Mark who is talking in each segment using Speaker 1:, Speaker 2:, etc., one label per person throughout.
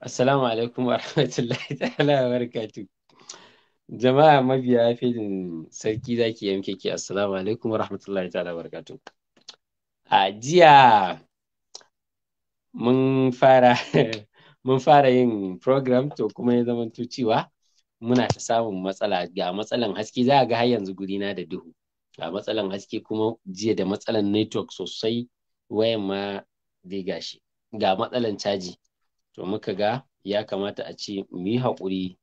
Speaker 1: Assalamu alaikum wa rahmatullahi ta'ala wa barakatu. Jama'a mabiya filin sarki zaki MKK Assalamu alaikum wa rahmatullahi ta'ala wa barakatu. A jiya mun fara mun fara yin program to kuma ya zama cewa muna ta samun matsala ga matsalan haske za a ga har yanzu na da duhu ga matsalan haske kuma jiya da matsalan network sosai wayan ma dai gashi ga matsalan caji to muka ga ya kamata a ce mu yi haƙuri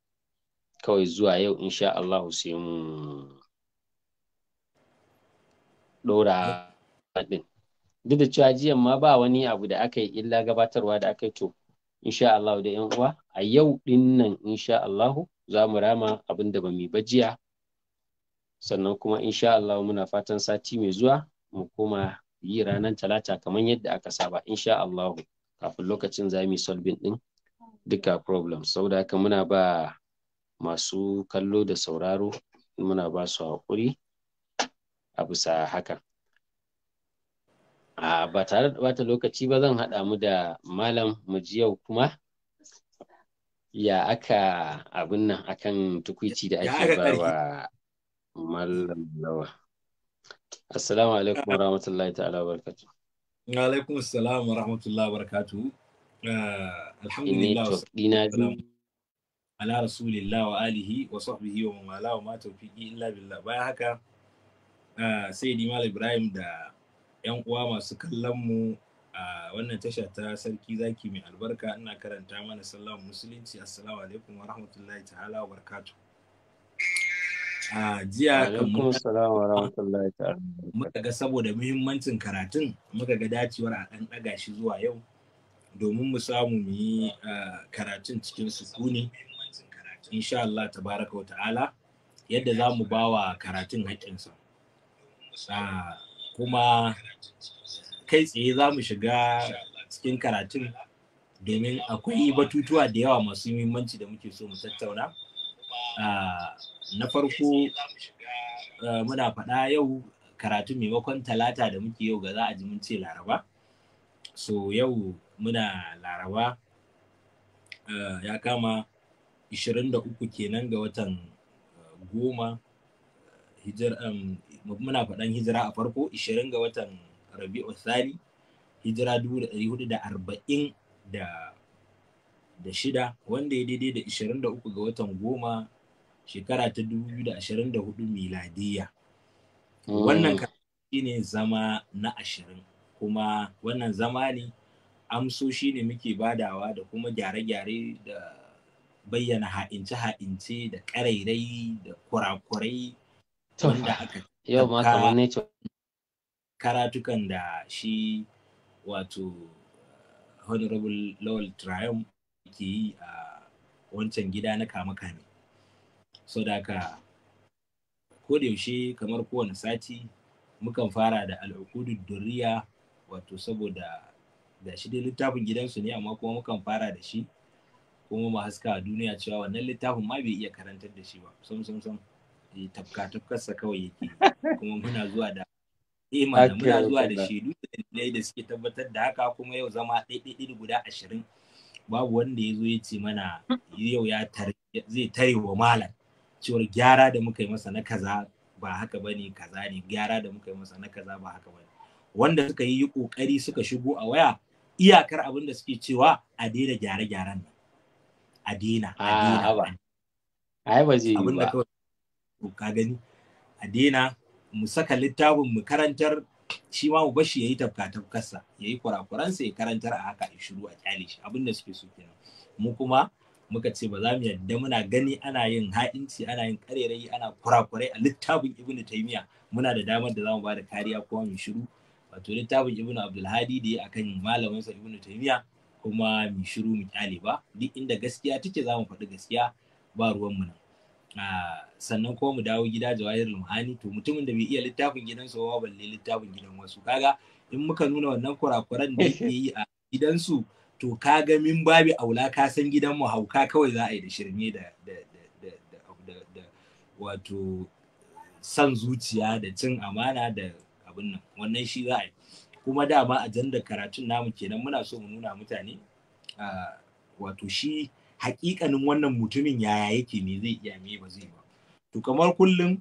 Speaker 1: kawai zuwa yau insha Allah sai mu ɗora ɗin duk da cewa jiyan ma ba wani abu da aka yi illa gabatarwa da aka yi to insha Allah da yan uwa a yau ɗin nan insha Allah za mu rama abin da ba mu ba jiya sannan kuma insha Allah muna fatan sati mai zuwa mu koma yi ranar talata kamar yadda aka saba insha Allah kafin lokacin za mu yi solving ɗin duka problem saboda haka muna ba masu kallo da sauraro muna ba su haƙuri a bisa haka a ba tare da bata lokaci ba zan haɗa mu da malam mu ji yau kuma ya aka abin nan akan tukwici da ake ba wa malam lawa assalamu alaikum warahmatullahi ta'ala wabarakatuh
Speaker 2: alaikum salam wa rahmatullahi wa barakatuhu ah, alhamdulillah ala rasulillah wa alihi wa sahbihi wa mawala wa mata tawfiqi illa billah bayan haka ah, sai ni mal ibrahim da yan uwa masu kallon mu a ah, wannan tasha ta sarki zaki mai albarka ina karanta mana sallama musulunci assalamu alaikum wa rahmatullahi ta'ala wa barakatuh a jiya kan muka ga saboda muhimmancin karatun muka ga dacewar a ɗan ɗaga shi zuwa yau domin mu samu mu yi karatun cikin sukuni insha Allah tabaraka wa ta'ala yadda za mu ba wa karatun haƙƙinsa kuma kai tsaye za mu shiga cikin karatun domin akwai batutuwa da yawa masu muhimmanci da muke so mu tattauna. Ah, na farko ah, muna faɗa yau karatu maimakon talata da muke yau ga za a ji mun ce laraba so yau muna laraba ah, ya kama 23 kenan ga watan goma muna faɗan hijira a farko 20 ga watan rabi'u thani hijira 440 da shida wanda ya daidai da 23 ga watan goma shekara ta 2024 miladiya hmm. wannan ne zama na ashirin kuma wannan zama ne amso shi ne muke badawa da kuma gyare-gyare da bayyana ha'ince-ha'ince da ƙarairai da kurakurai wanda aka karatukan da shi wato uh, honorable lowell triumph ke yi a wancan gida na kame-kame so da ka yaushe kamar kowane sati mukan fara da al'ukudud duriya wato saboda da shi dai littafin gidansu ne amma kuma mukan fara da shi kuma ma haska a duniya cewa wannan littafin ma bai iya karantar da shi ba sam sam sam eh, tafka tafkarsa kawai yake kuma muna zuwa da
Speaker 1: ima eh, da muna zuwa da shaidu
Speaker 2: da da suke tabbatar da haka kuma yau zama ɗaiɗaiɗi guda ashirin babu wanda ya zo ya ce mana yau ya zai tare wa malam cewar gyara da muka yi masa na kaza ba haka bane kaza ne gyara da muka yi masa na kaza ba haka bane wanda suka yi kokari suka shigo a waya iyakar abin da suke cewa a daina gyare-gyaren nan a daina a ah, daina ai ba zai yi ba ka gani a daina mu saka littafin mu karantar shi ma mu bashi yayi tafka tafkarsa yayi kurakuransa ya karantar a haka ya shiru a kyale shi abin da suke so kenan mu kuma muka ce ba za mu yadda muna gani ana yin ha'inci ana yin karerayi ana kurakurai a littafin ibnu taymiya muna da damar da za mu bada kariya kuma mu shiru wato littafin ibnu abdulhadi da ya akan malamin sa ibnu taymiya kuma mu shiru mu kyale ba duk inda gaskiya take za mu faɗi gaskiya ba ruwan mu nan ah, sannan kuma mu dawo gida jawahirul muhani to mutumin da bai iya littafin gidansa ba balle littafin gidan wasu kaga in muka nuna wannan kurakuran da yake yi a gidansu to ka ga min babi aula ka san gidan mu hauka kawai za a yi da shirme da wato san zuciya da cin amana da abin nan wannan shi za a yi kuma dama ajandar karatun namu kenan muna so mu nuna mutane wato shi hakikanin wannan mutumin yaya yake me zai iya me ba zai ba to kamar kullum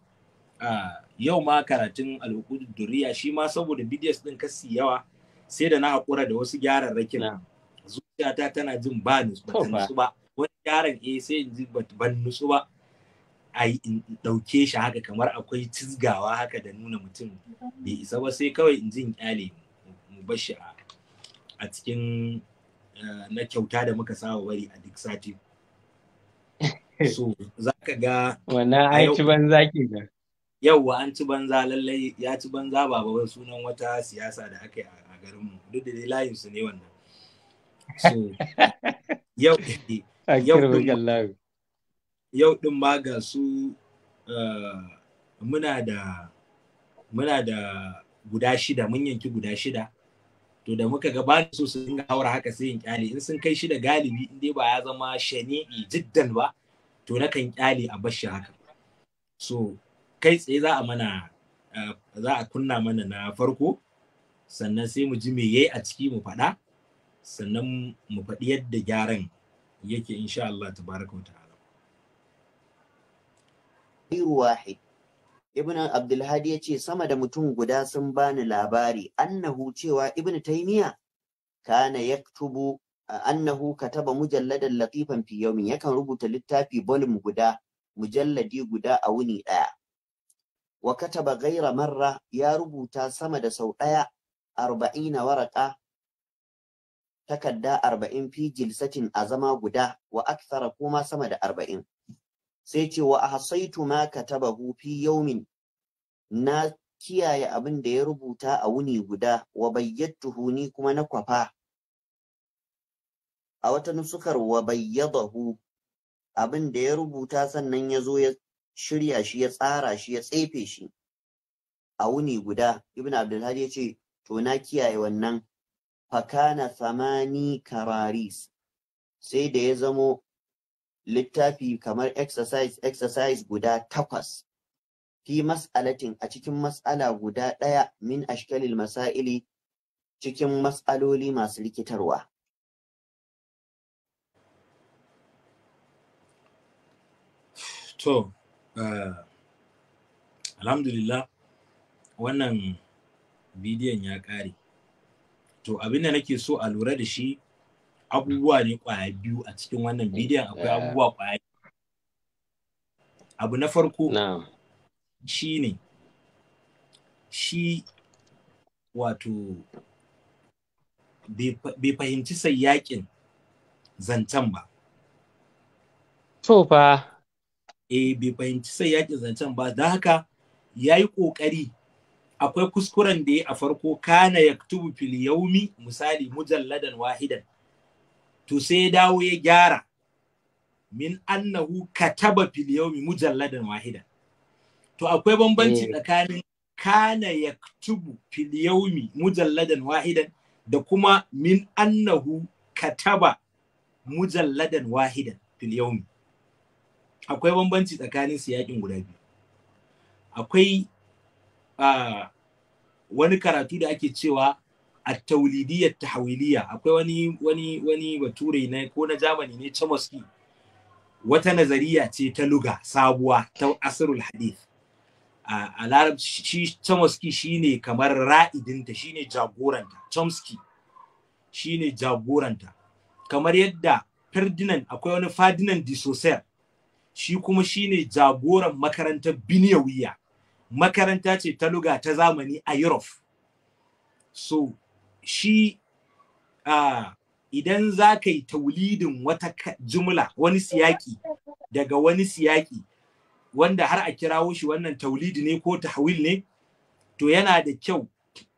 Speaker 2: yau ma karatun al'ukudu duriya shi ma saboda bidiyos din kasi yawa sai da na haƙura da wasu gyaran gyararrakin zuciyata tana jin ba nutsu ba wani yaron eh sai in ji ban nutsu ba a ɗauke shi haka kamar akwai cizgawa haka da nuna mutum bai isa ba sai kawai in jin kyale mu bashi a cikin eh, na kyauta da muka saba bari a duk sati so za ka ga
Speaker 1: wannan an ci banza yau
Speaker 2: yauwa an ci banza lallai ya ci banza ba ba sunan wata siyasa da aka yi a garinmu duk da dai layinsu ne wannan yau yau din ma ga su eh, muna da muna guda shida mun yanki guda shida to da muka ga ba su su dinga haura haka sai in kyale in sun kai shi da galibi in dai ba ya zama shani'i jiddan ba to na kan kyale a bashi haka so kai tsaye za a mana eh, za a kunna mana na farko sannan sai mu ji me yayi a ciki mu faɗa sannan mu faɗi yadda gyaran yake insha Allah tabaraka wa ta'ala
Speaker 3: wahid ibn abdulhadi ya ce sama da mutum guda sun bani labari annahu cewa ibn taymiya kana yaktubu annahu kataba mujalladan latifan fi yawmin yakan rubuta littafi bolim guda mujalladi guda a wuni daya wa kataba ghaira marra ya rubuta sama da sau daya arba'ina waraka takarda arba'in fi jilsatin a zama guda wa aksara kuma sama da arba'in sai ce wa ahsaitu ma katabahu fi yaumin na kiyaye abin da ya rubuta a wuni guda wa bayyattuhu ni kuma na kwafa a wata nusukar wa bayyadahu abin da ya rubuta sannan ya zo ya shirya shi ya tsara shi ya tsefe shi a wuni guda ibn abdulhadi ya ce to na kiyaye wannan fakana samani kararis sai da ya zamo littafi kamar exercise exercise guda takwas fi mas'alatin a cikin mas'ala guda ɗaya min ashkalil masaili cikin mas'aloli masu rikitarwa
Speaker 2: to eh, alhamdulillah wannan bidiyon ya ƙare to abin da nake so a lura da shi abubuwa ne kwaya biyu a cikin wannan bidiyon akwai abubuwa kwaya abu na farko shi ne shi wato bai fahimci sai yakin zancen ba to fa eh bai fahimci sai yakin zancen ba don haka ya yi ƙoƙari akwai kuskuren da ya a farko kana yaktubu fil yaumi misali mujalladan wahidan to sai ya dawo ya gyara min annahu kataba fil yaumi mujalladan wahidan to akwai bambanci eh. tsakanin kana yaktubu fil yaumi mujalladan wahidan da kuma min annahu kataba mujalladan wahidan fil yaumi akwai bambanci tsakanin su yakin guda biyu akwai wani karatu da ake cewa a taulidiyar tahawiliya akwai wani wani wani bature na ko na zamani ne Chomsky wata nazariya ce ta luga sabuwa ta asrul hadith a larabci shi Chomsky shine kamar ra'idinta shine jagoranta Chomsky shine jagoranta kamar yadda Ferdinand akwai wani Ferdinand de shi kuma shine jagoran makarantar Biniyawiya makaranta ce ta luga ta zamani a Europe. So, shi uh, idan za ka yi taulidin wata jumla wani siyaki daga wani siyaki wanda har a kirawo shi wannan taulidi ne ko tahwil ne, to yana da kyau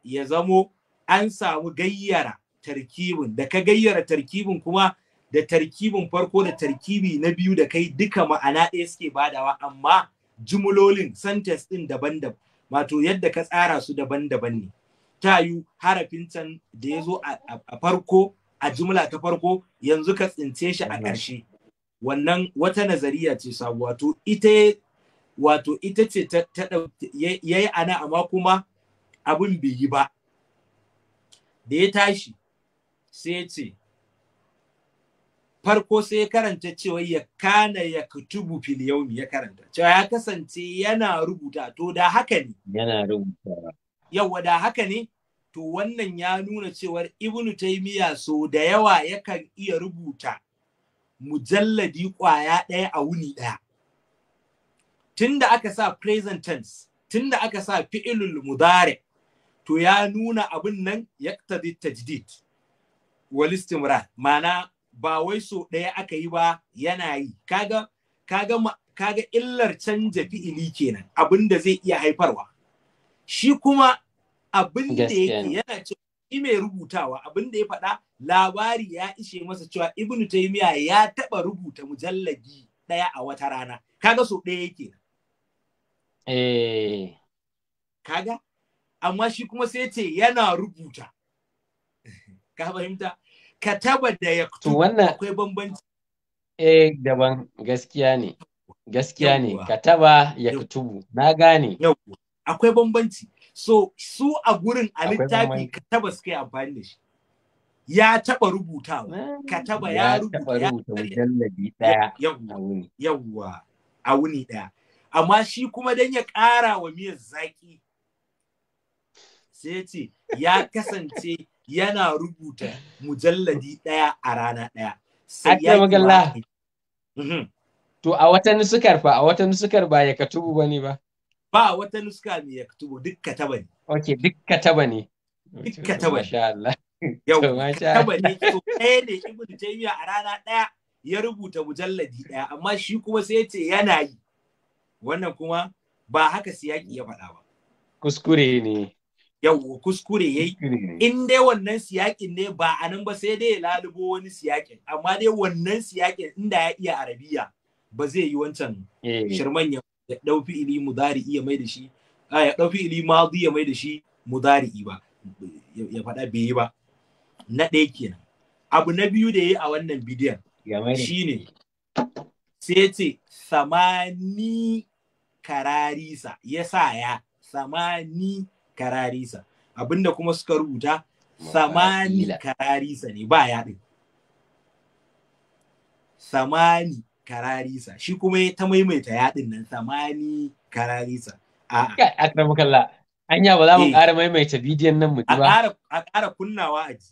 Speaker 2: ya zamo an samu gayyara tarkibin da ka gayyara tarkibin kuma da tarkibin farko da tarkibi na biyu da kai duka ma'ana ɗaya suke badawa amma jumlolin sentence ɗin daban-daban wato yadda ka tsara su daban-daban ne ta yi harafin can da ya zo a farko a jumla ta farko yanzu ka tsince shi a ƙarshe wannan wata nazariya ce sa wato ita wato ita ce ta yi ana amma kuma abin bai yi ba da ya tashi sai ce farko sai ya karanta cewa ya kana ya kutubu fil yaumi ya karanta cewa ya kasance yana rubuta to da haka ne
Speaker 1: yana rubuta
Speaker 2: yawa da haka ne to wannan ya nuna cewar ibnu taymiya so da yawa yakan iya rubuta mujalladi kwaya ɗaya a wuni ɗaya tunda aka sa present tense tunda aka sa fi'ilul mudari to ya nuna abin nan yaqtadi tajdid wal istimrar ma'ana ba wai so ɗaya aka yi ba yana yi kaga kaga kaga illar canja fi'ili kenan abin da zai iya haifarwa shi kuma abin da yake yana cewa shi mai rubutawa abin da ya faɗa labari ya ishe masa cewa ibnu taymiya ya taɓa rubuta mujallabi ɗaya a wata rana kaga so ɗaya yake eh kaga amma shi kuma sai ce yana rubuta ka fahimta kataba da yaktubu akwai bambanci
Speaker 1: eh daban gaskiya ne
Speaker 2: gaskiya ne kataba yaktubu na gane akwai bambanci so su a gurin a littafi kataba suka yi amfani da shi ya taba rubutawa ah, kataba ya rubuta ya mujalladi daya yawwa a wuni daya amma shi kuma dan ya ƙara wa miyar zaki sai ya ce ya kasance yana rubuta mujalladi ɗaya a rana ɗaya. Sai ya mhm. To a
Speaker 1: wata nusukar fa a wata nusukar ba ya katubu ba ne ba?
Speaker 2: Ba wata nusuka mai ya katubu duk kataba ne. Ok
Speaker 1: duk kataba ne.
Speaker 2: Duk kataba ne. Yau kataba ne to ɗaya ne Ibn Taymiyyah a rana ɗaya ya rubuta mujalladi ɗaya amma shi kuma sai ya ce yana yi. Wannan kuma ba haka siyaki ya faɗa ba.
Speaker 1: Kuskure ne.
Speaker 2: yau kuskure yayi in dai wannan siyakin ne ba a nan ba sai dai lalubo wani siyakin amma dai wannan siyakin inda ya iya arabiya ba zai yi wancan eh. shirman ya dau fi'ili mudari iya mai da shi ya dau fi'ili madi ya mai da shi mudari ba ya faɗa bai ba na ɗaya kenan abu na biyu da yayi a wannan bidiyon shine sai ce samani kararisa ya sa ya samani kararisa abinda kuma suka rubuta samani kararisa ne ba yaɗin samani kararisa shi kuma ta maimaita yaɗin nan samani kararisa a'a akramukallah anya ba za mu eh. ƙara maimaita bidiyon nan mu ba a ƙara kunnawa a ji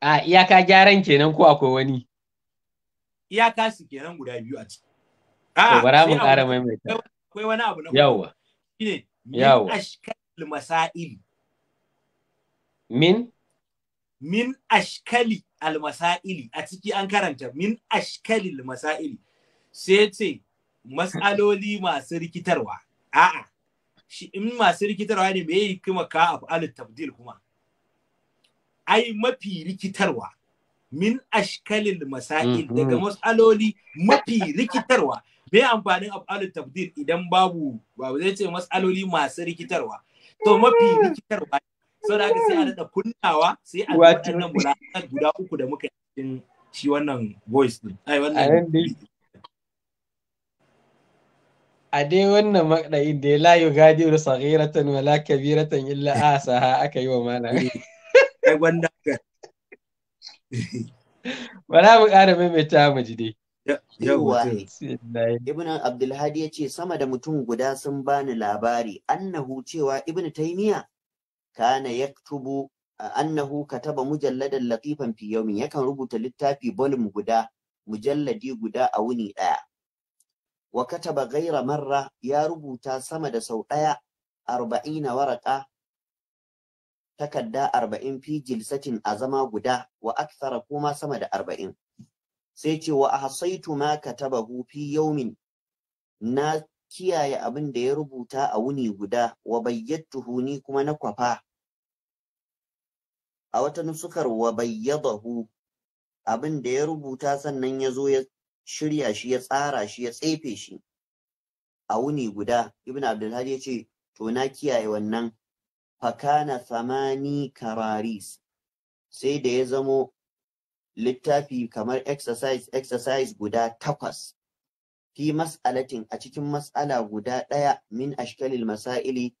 Speaker 2: a
Speaker 1: iyaka gyaran kenan ko akwai wani
Speaker 2: iyaka su kenan guda biyu a ciki a bara mu ƙara maimaita akwai wani abu na yawa shine yawo ashkalil masail min min ashkali almasa'ili a ciki an karanta min ashkalil masaili sai ce mas'aloli masu rikitarwa a'a shi in masu rikitarwa ne me yi kuma ka af'alu tabdil kuma ai mafi rikitarwa min ashkalil masail mhm. daga mas'aloli mafi rikitarwa me amfanin af'alu tabdir idan babu ba zai ce matsaloli masu rikitarwa to mafi hmm. rikitarwa so da aka sai a da kunnawa sai a nan mulaƙar guda uku da muka yi shi wannan voice din ai wannan
Speaker 1: a dai wannan maɗayin da ya gadi yugadiru saghiratan wala kabiratan illa saha aka yi wa malam eh, ai ka wala mu ƙara maimaita mu ji dai Yawwa.
Speaker 3: Ibn Abdulhadi ya ce sama da mutum guda sun bani labari annahu cewa Ibn Taymiya kana yaktubu annahu kataba mujalladan latifan fi yakan rubuta littafi volume guda mujalladi guda a wuni ɗaya? Wa kataba gaira marra ya rubuta sama da sau ɗaya arba'ina waraka takarda arba'in fi jilsatin a zama guda wa aksara kuma sama da arba'in. sai ce wa ahsaitu ma katabahu fi yawmin na kiyaye abin da ya rubuta a wuni guda wa bayyattuhu ni kuma na kwafa a wata nusukar wa bayyadahu abin da ya rubuta sannan ya zo ya shirya shi ya tsara shi ya tsefe shi a wuni guda ibn abdulhadi ya ce to na kiyaye wannan fakana samani kararis sai da ya zamo littafi kamar exercise exercise guda takwas fi mas'alatin a cikin mas'ala guda ɗaya min ashkalil masaili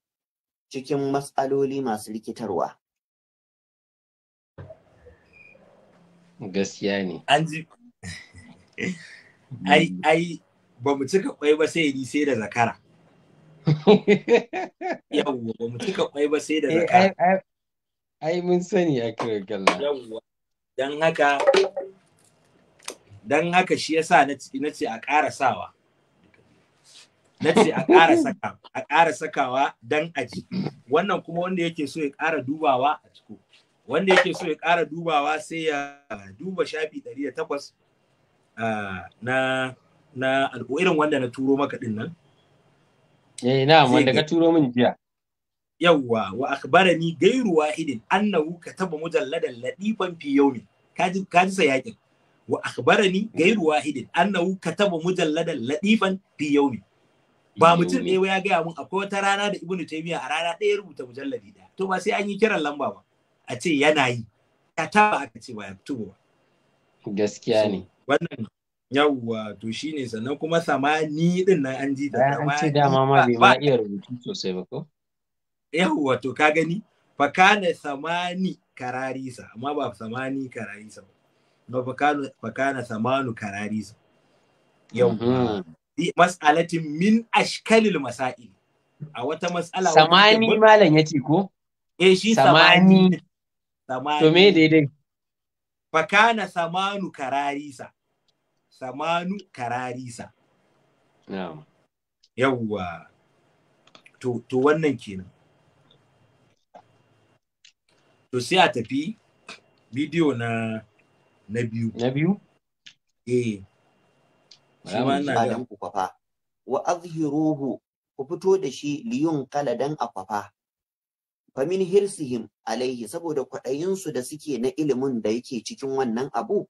Speaker 3: cikin mas'aloli masu rikitarwa.
Speaker 2: Gaskiya ne. An ji. Ai, ai, ba mu cika ƙwai ba sai ni sai da zakara. Yawwa, ba mu cika ƙwai ba sai da eh, zakara. Ai, mun sani a kira galla. Yawwa, don haka don haka shi yasa na ce a ƙara sawa na ce a ƙara saka a ƙara sakawa don aji wannan kuma wanda yake so ya ƙara dubawa a ciko wanda yake so ya ƙara dubawa sai ya duba shafi 108 na na irin wanda na turo maka din nan eh na wanda ka turo min jiya yawwa wa akhbarani gairu wahidin annahu kataba mujalladan ladifan fi yawmin kaji kaji sa yakin wa akhbarani ghairu wahidin annahu kataba mujalladan latifan fi yawmi ba mutum ne ya gaya mun akwai wata rana da ibnu taymiya a rana ɗaya rubuta mujalladi da to ba sai an yi kiran lamba ba a ce yana yi ya aka ce ba ya fito ba gaskiya ne wannan yawwa to shine sannan kuma samani din nan an ji da an ce dama ma bai ma iya rubutu sosai ba ko yawwa to ka gani kana samani kararisa amma ba samani kararisa ba wa fakana samanu karariz yau mas'alatin min ashkalil masail a wata mas'ala samani
Speaker 1: malam yace ko eh shi samani
Speaker 2: samani to me daidai fakana samanu kararisa samanu kararisa na'am yawwa to to wannan kenan to sai a tafi bidiyo na na biyu na biyu eh shi ina ga ku
Speaker 3: kwafa wa azhiruhu ku fito da shi liyun kala dan akwafa famin hirsihim alaihi saboda su da suke na ilimin da yake cikin wannan abu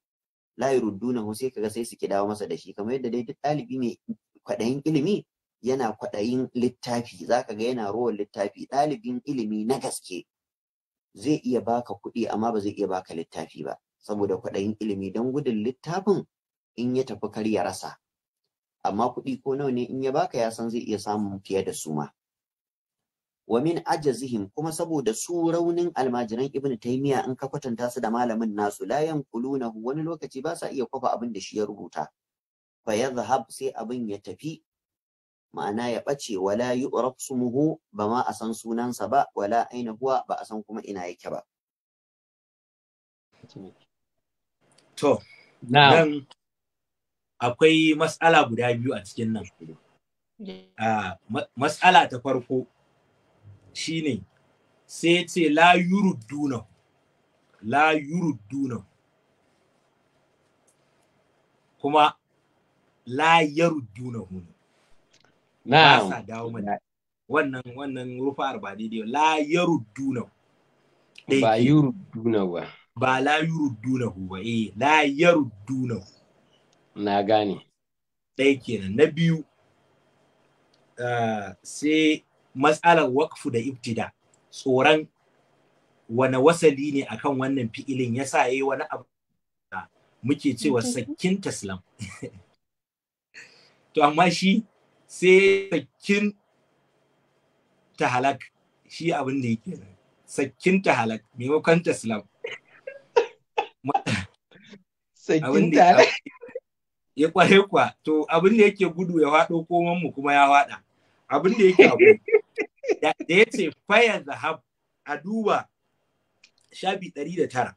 Speaker 3: la yurdunahu sai kaga sai su dawo masa da shi kamar yadda dai duk ɗalibi mai kwaɗayin ilimi yana kwaɗayin littafi zaka ga yana ruwan littafi ɗalibin ilimi na gaske zai iya baka kuɗi amma ba zai iya baka littafi ba saboda kwaɗayin ilimi don gudun littafin in ya tafi karya rasa amma kuɗi ko nawa ne in ya baka ya san zai iya samun fiye da suma ma wa min ajazihim kuma saboda su raunin almajiran ibnu taymiya in ka kwatanta su da malamin nasu layan kulu yanqulunahu wani lokaci ba sa iya kwafa abin da shi ya rubuta fa yadhhab sai abin ya tafi ma'ana ya ɓace wala yu'raf sumuhu ba ma a san sunansa ba wala aina ba a san kuma ina yake ba
Speaker 2: To, nan akwai matsala guda biyu a cikin nan. Ah, matsala ta farko shi ne, sai ce la yurudduna, la yurudduna, kuma la yarudduna hunu. na sa dawo mana. Wannan wannan rufa arba daidai la yarudduna. Ba yurudduna ba. ba la hu ba eh la yurudduna na gane dai kenan na biyu ah, sai matsalar Waqfu da ibtida tsoron wani wasali ne akan wannan fi'ilin ya sa yi wani abu muke cewa sakkin taslam to amma shi sai sakkin ta halak shi abin da yake sakkin ta halak maimakon taslam sakin tare ya kware kwa to abin da yake gudu ya haɗo koman mu kuma ya haɗa abin da yake abu da ya ce faya zahab a duba shafi ɗari da tara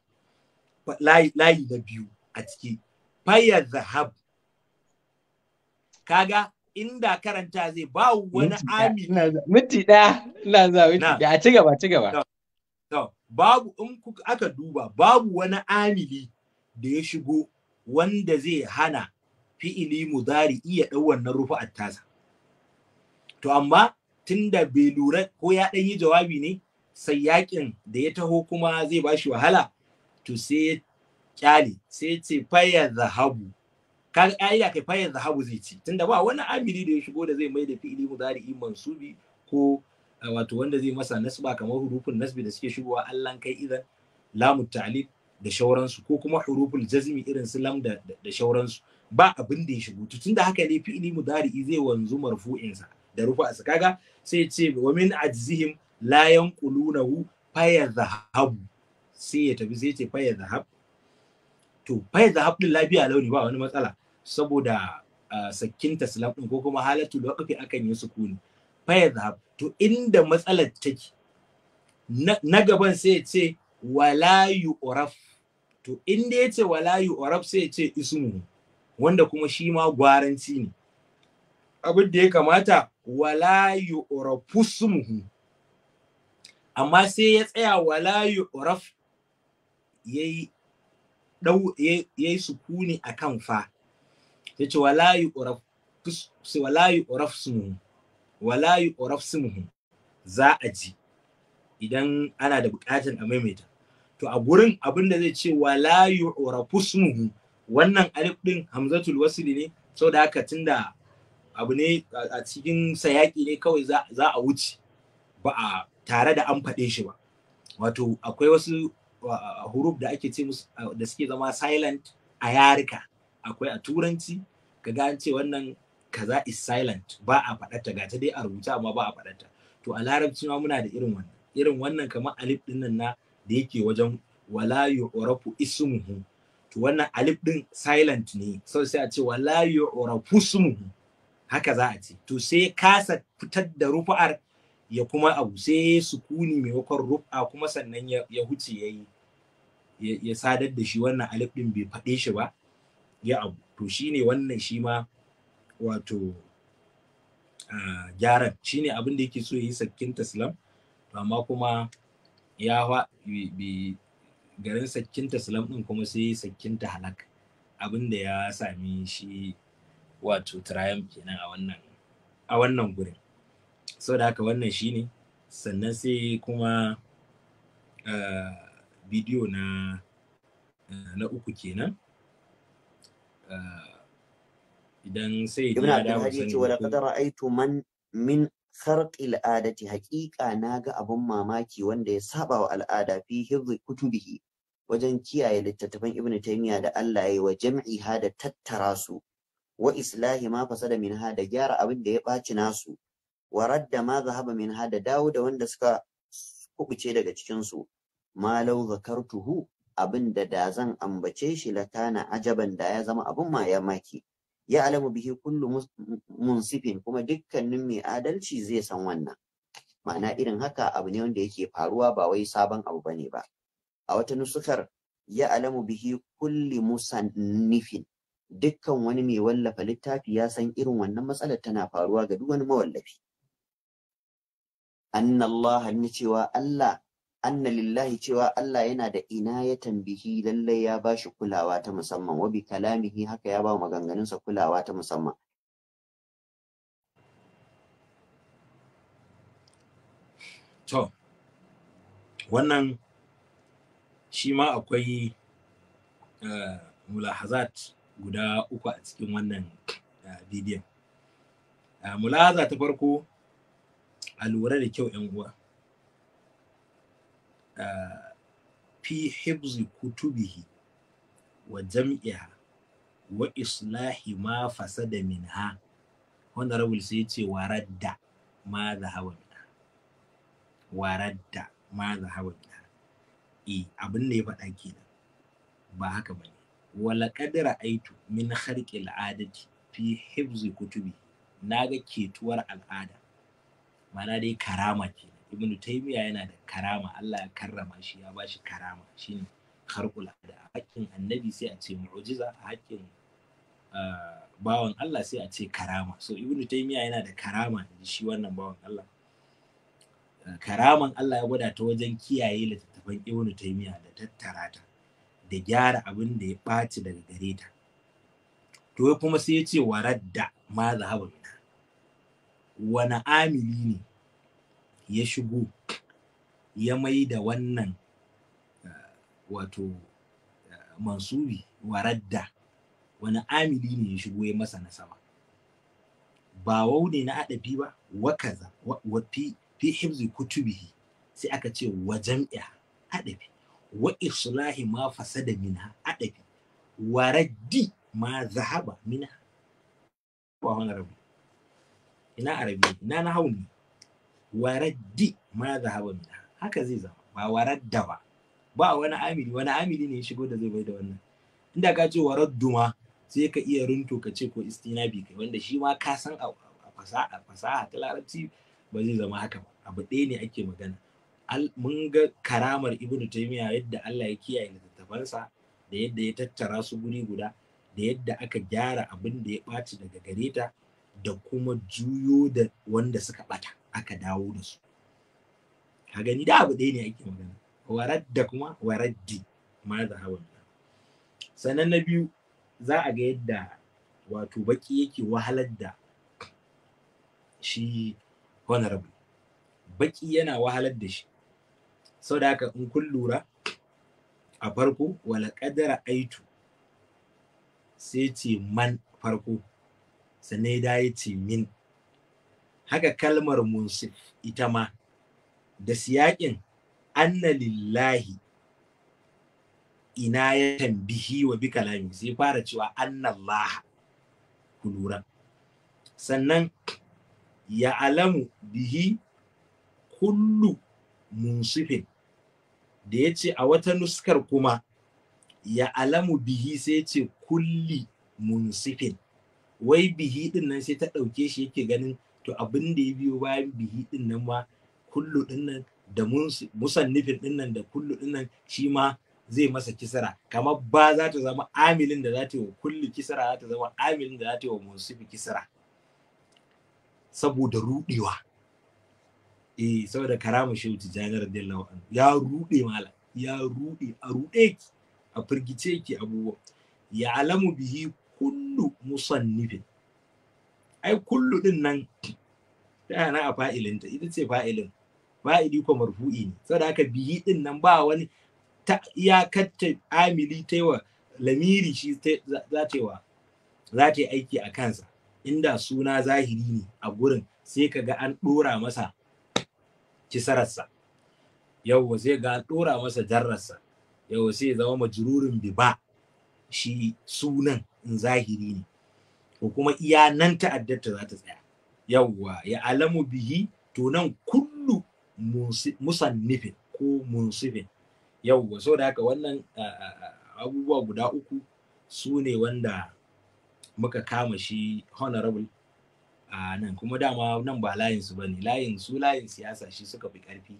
Speaker 2: layi na biyu a ciki faya zahab kaga inda karanta zai ba wani ami minti ɗaya ina za minti
Speaker 1: ɗaya a ci gaba ci gaba
Speaker 2: babu in aka duba babu wani amili da ya shigo wanda zai hana fi'ili mudari iya ɗau wannan rufu tasa to amma tunda bai lura ko ya ɗan yi jawabi ne sai yakin da ya taho kuma zai ba shi wahala to sai kyale sai ce faya zahabu kaga ka'ida kai faya zahabu zai ci tunda ba wani amili da ya shigo da zai mai da fi'ili mudari mansubi ko wato wanda zai masa nasba kamar hurufin nasbi da suke shigowa allan kai idan lamu ta'lib da shauransu ko kuma hurufin jazmi irin su lam da shauransu ba abin da ya shigo tun da haka ne fi'ili mudari'i zai wanzu sa da rufa su kaga sai ya ce wa min ajzihim la yanqulunahu fa zahabu sai ya tafi sai ya ce fa yadhhab to fa yadhhab din lafiya launi ba wani matsala saboda ah, sakkinta silam din ko kuma halatul waqfi akan yi sukuni fayadhhab to inda matsalar take na gaban sai ya ce wala yu'raf to inda ya ce wala sai ya ce ismu wanda kuma shi ma gwaranci ne abin da ya kamata wala yu'rafusmuhu amma sai ya tsaya wala yu'raf yayi dau yayi sukuni kan fa yace wala yu'raf wala wala yu'raf smuhu za a ji idan ana da buƙatar a maimaita to a gurin abin da zai ce wala yu'rafu wannan alif din hamzatul wasli ne da haka tunda abu ne a cikin sayaki ne kawai za a wuce ba a tare da an faɗe shi ba wato akwai wasu huruf da ake ce musu da suke zama silent a yarika akwai a turanci ka gane ce wannan kaza is silent ba a faɗarta ga ta dai a rubuta amma ba a faɗarta to a larabci ma muna da irin wannan irin wannan kamar alif din nan na da yake wajen wala yu'rafu ismuhu to wannan alif din silent ne so sai a ce wala yu'rafu ismuhu haka za a ce to sai kasa fitar da rufa'ar ya kuma abu sai sukuni wakar rufa kuma sannan ya huce yayi ya sadar da shi wannan alif din bai faɗe shi ba ya abu to shine wannan shi ma wato gyaran shine abin da yake so yi sakkin taslam to amma kuma ya bi garin sakkin taslam din kuma sai sakkin ta halak abin da ya sami shi wato triumph kenan a wannan a wannan gurin saboda haka wannan shi ne, sannan sai kuma bidiyo na uku kenan idan sai ibn abdulhadi ce wa qad
Speaker 3: ra'aytu man min kharqil haƙiƙa haqiqa naga abun mamaki wanda ya saba wa al'ada fi hizzi kutubihi wajen kiyaye littattafan ibn taymiya da Allah ya wa jam'i ha da tattara su wa islahi ma fasada min ha da gyara abin da ya ɓaci nasu wa radda ma zahaba min ha da dawo da wanda suka kubuce daga cikin su ma law tuhu abin da da zan ambace shi latana ajaban da ya zama abun maki. ya alamu bihi kullu munsifin kuma dukkanin mai adalci zai san wannan ma'ana irin haka abu ne wanda yake faruwa ba wai sabon abu bane ba a wata nusukar ya alamu bihi kulli musannifin dukkan wani mai wallafa littafi ya san irin wannan matsalar tana faruwa ga duk wani mawallafi annallaha ni cewa Allah anna lillahi cewa Allah yana da ina ya tambihi lallai ya ba shi kulawa ta musamman wa bi kalamihi haka ya ba maganganunsa kulawa ta musamman
Speaker 2: to wannan shi ma akwai eh, mulahazat guda uku a cikin wannan eh, bidiyon eh, mulahaza ta farko a lura da kyau 'yan uwa fi hibzi kutubihi wa jam'iha wa islahi ma fasada minha wanda rabul sai ce waradda ma da hawa minha waradda ma za hawa minha e abin da ya faɗa kenan ba haka bane wala qadara aitu min kharqil adati fi hibzi kutubi naga ketuwar al'ada mana dai karama ce ibn taymiya yana da karama Allah ya karrama shi ya bashi karama shine karkula da hakkin annabi sai a ce mu'jiza a hakkin bawan Allah sai a ce karama so ibn taymiya yana da karama shi wannan bawan Allah karaman Allah ya gwada ta wajen kiyaye littattafan ibn taymiya da tattara ta da gyara abin da ya ɓaci daga gare ta to kuma sai ya ce waradda ma zahaba wani amili ne ya shigo ya mai da wannan eh, wato eh, mansubi waradda wani amili ne ya shigo ya masa na sama ba wau ne na adabi ba wa wa fi fi hibzi kutubihi sai aka ce wa jam'iha adabi wa islahi ma fasada min adabi wa raddi ma zahaba minha wani rabu ina arabi ina na hauni waraddi ma zahaba min haka zai zama ba waradda ba ba wani amili wani amili ne ya shigo da zai bai da wannan inda ka ce waraddu ma sai ka iya runto ka ce ko istinabi kai wanda shi ma ka san a fasaha fasaha ta larabci ba zai zama haka ba abu ɗaya ne ake magana mun ga karamar ibnu taymiya yadda Allah ya kiyaye littattafansa da yadda ya tattara su guri guda da yadda aka gyara abin da ya ɓaci daga gare ta da kuma juyo da wanda suka ɓata aka dawo da su ka gani da abu ɗaya ne ake magana da kuma waraddi ma zahaban sannan na biyu za a ga yadda wato baki yake wahalar da shi honorable baki yana wahalar da shi sau da haka in kun lura a farko wala kadara aitu sai ce man farko sannan ya ce min haka kalmar munsif ita ma da siyakin anna lillahi ina ya tambihi wa bi kalami sai fara cewa anna Allah ku lura sannan ya alamu bihi kullu munsifin da ya ce a wata nuskar kuma ya alamu bihi sai ce kulli munsifin wai bihi din nan sai ta ɗauke shi yake ganin to abin da ya biyo bayan bihi din nan ma kullu din nan da musannifin din nan da kullu din nan shi ma zai masa kisara kamar ba za ta zama amilin da za ta yi wa kullu kisara za ta zama amilin da za ta yi wa munsifi kisara saboda rudewa eh saboda karama shehu tijani radiyallahu anhu ya rude mala ya rude a rude ki a firgice ki abubuwa ya alamu bihi kullu musannifin ai kullu din nan ta tana a failin ta, ita ce fa'ilin fa'ili ko marfu'i ne saboda haka bihi din nan ba wani ta iyakacce amili ta wa lamiri shi za ta wa za ta yi aiki a kansa inda suna zahiri ne a gurin sai ka ga an ɗora masa kisararsa yau sai ga an ɗora masa jarrarsa yau sai zama majururin bi ba shi sunan in zahiri ne ko kuma iya nan ta'addarta za ta tsaya yawwa ya alamu bihi to nan kullu musannifin ko munsifin yawwa so da haka wannan abubuwa guda uku su ne wanda muka kama shi honorable a nan kuma dama nan ba layinsu ba ne layin su layin siyasa shi suka fi karfi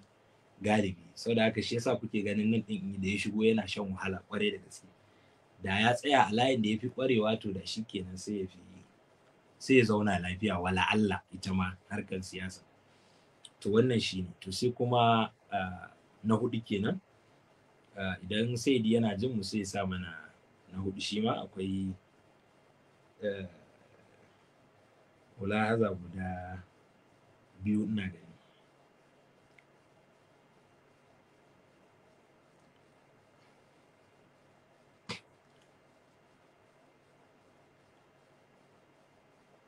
Speaker 2: galibi sau da haka shi yasa kuke ganin nan ɗin da ya shigo yana shan wahala kwarai da gaske da ya tsaya a layin da ya fi kwarewa to da shi kenan sai ya fi sai ya zauna lafiya wala Allah ita ma harkar siyasa to wannan shi ne to sai kuma na hudu kenan idan sai yana jin mu sai sa mana na hudu shi ma akwai wala haza guda biyu ina da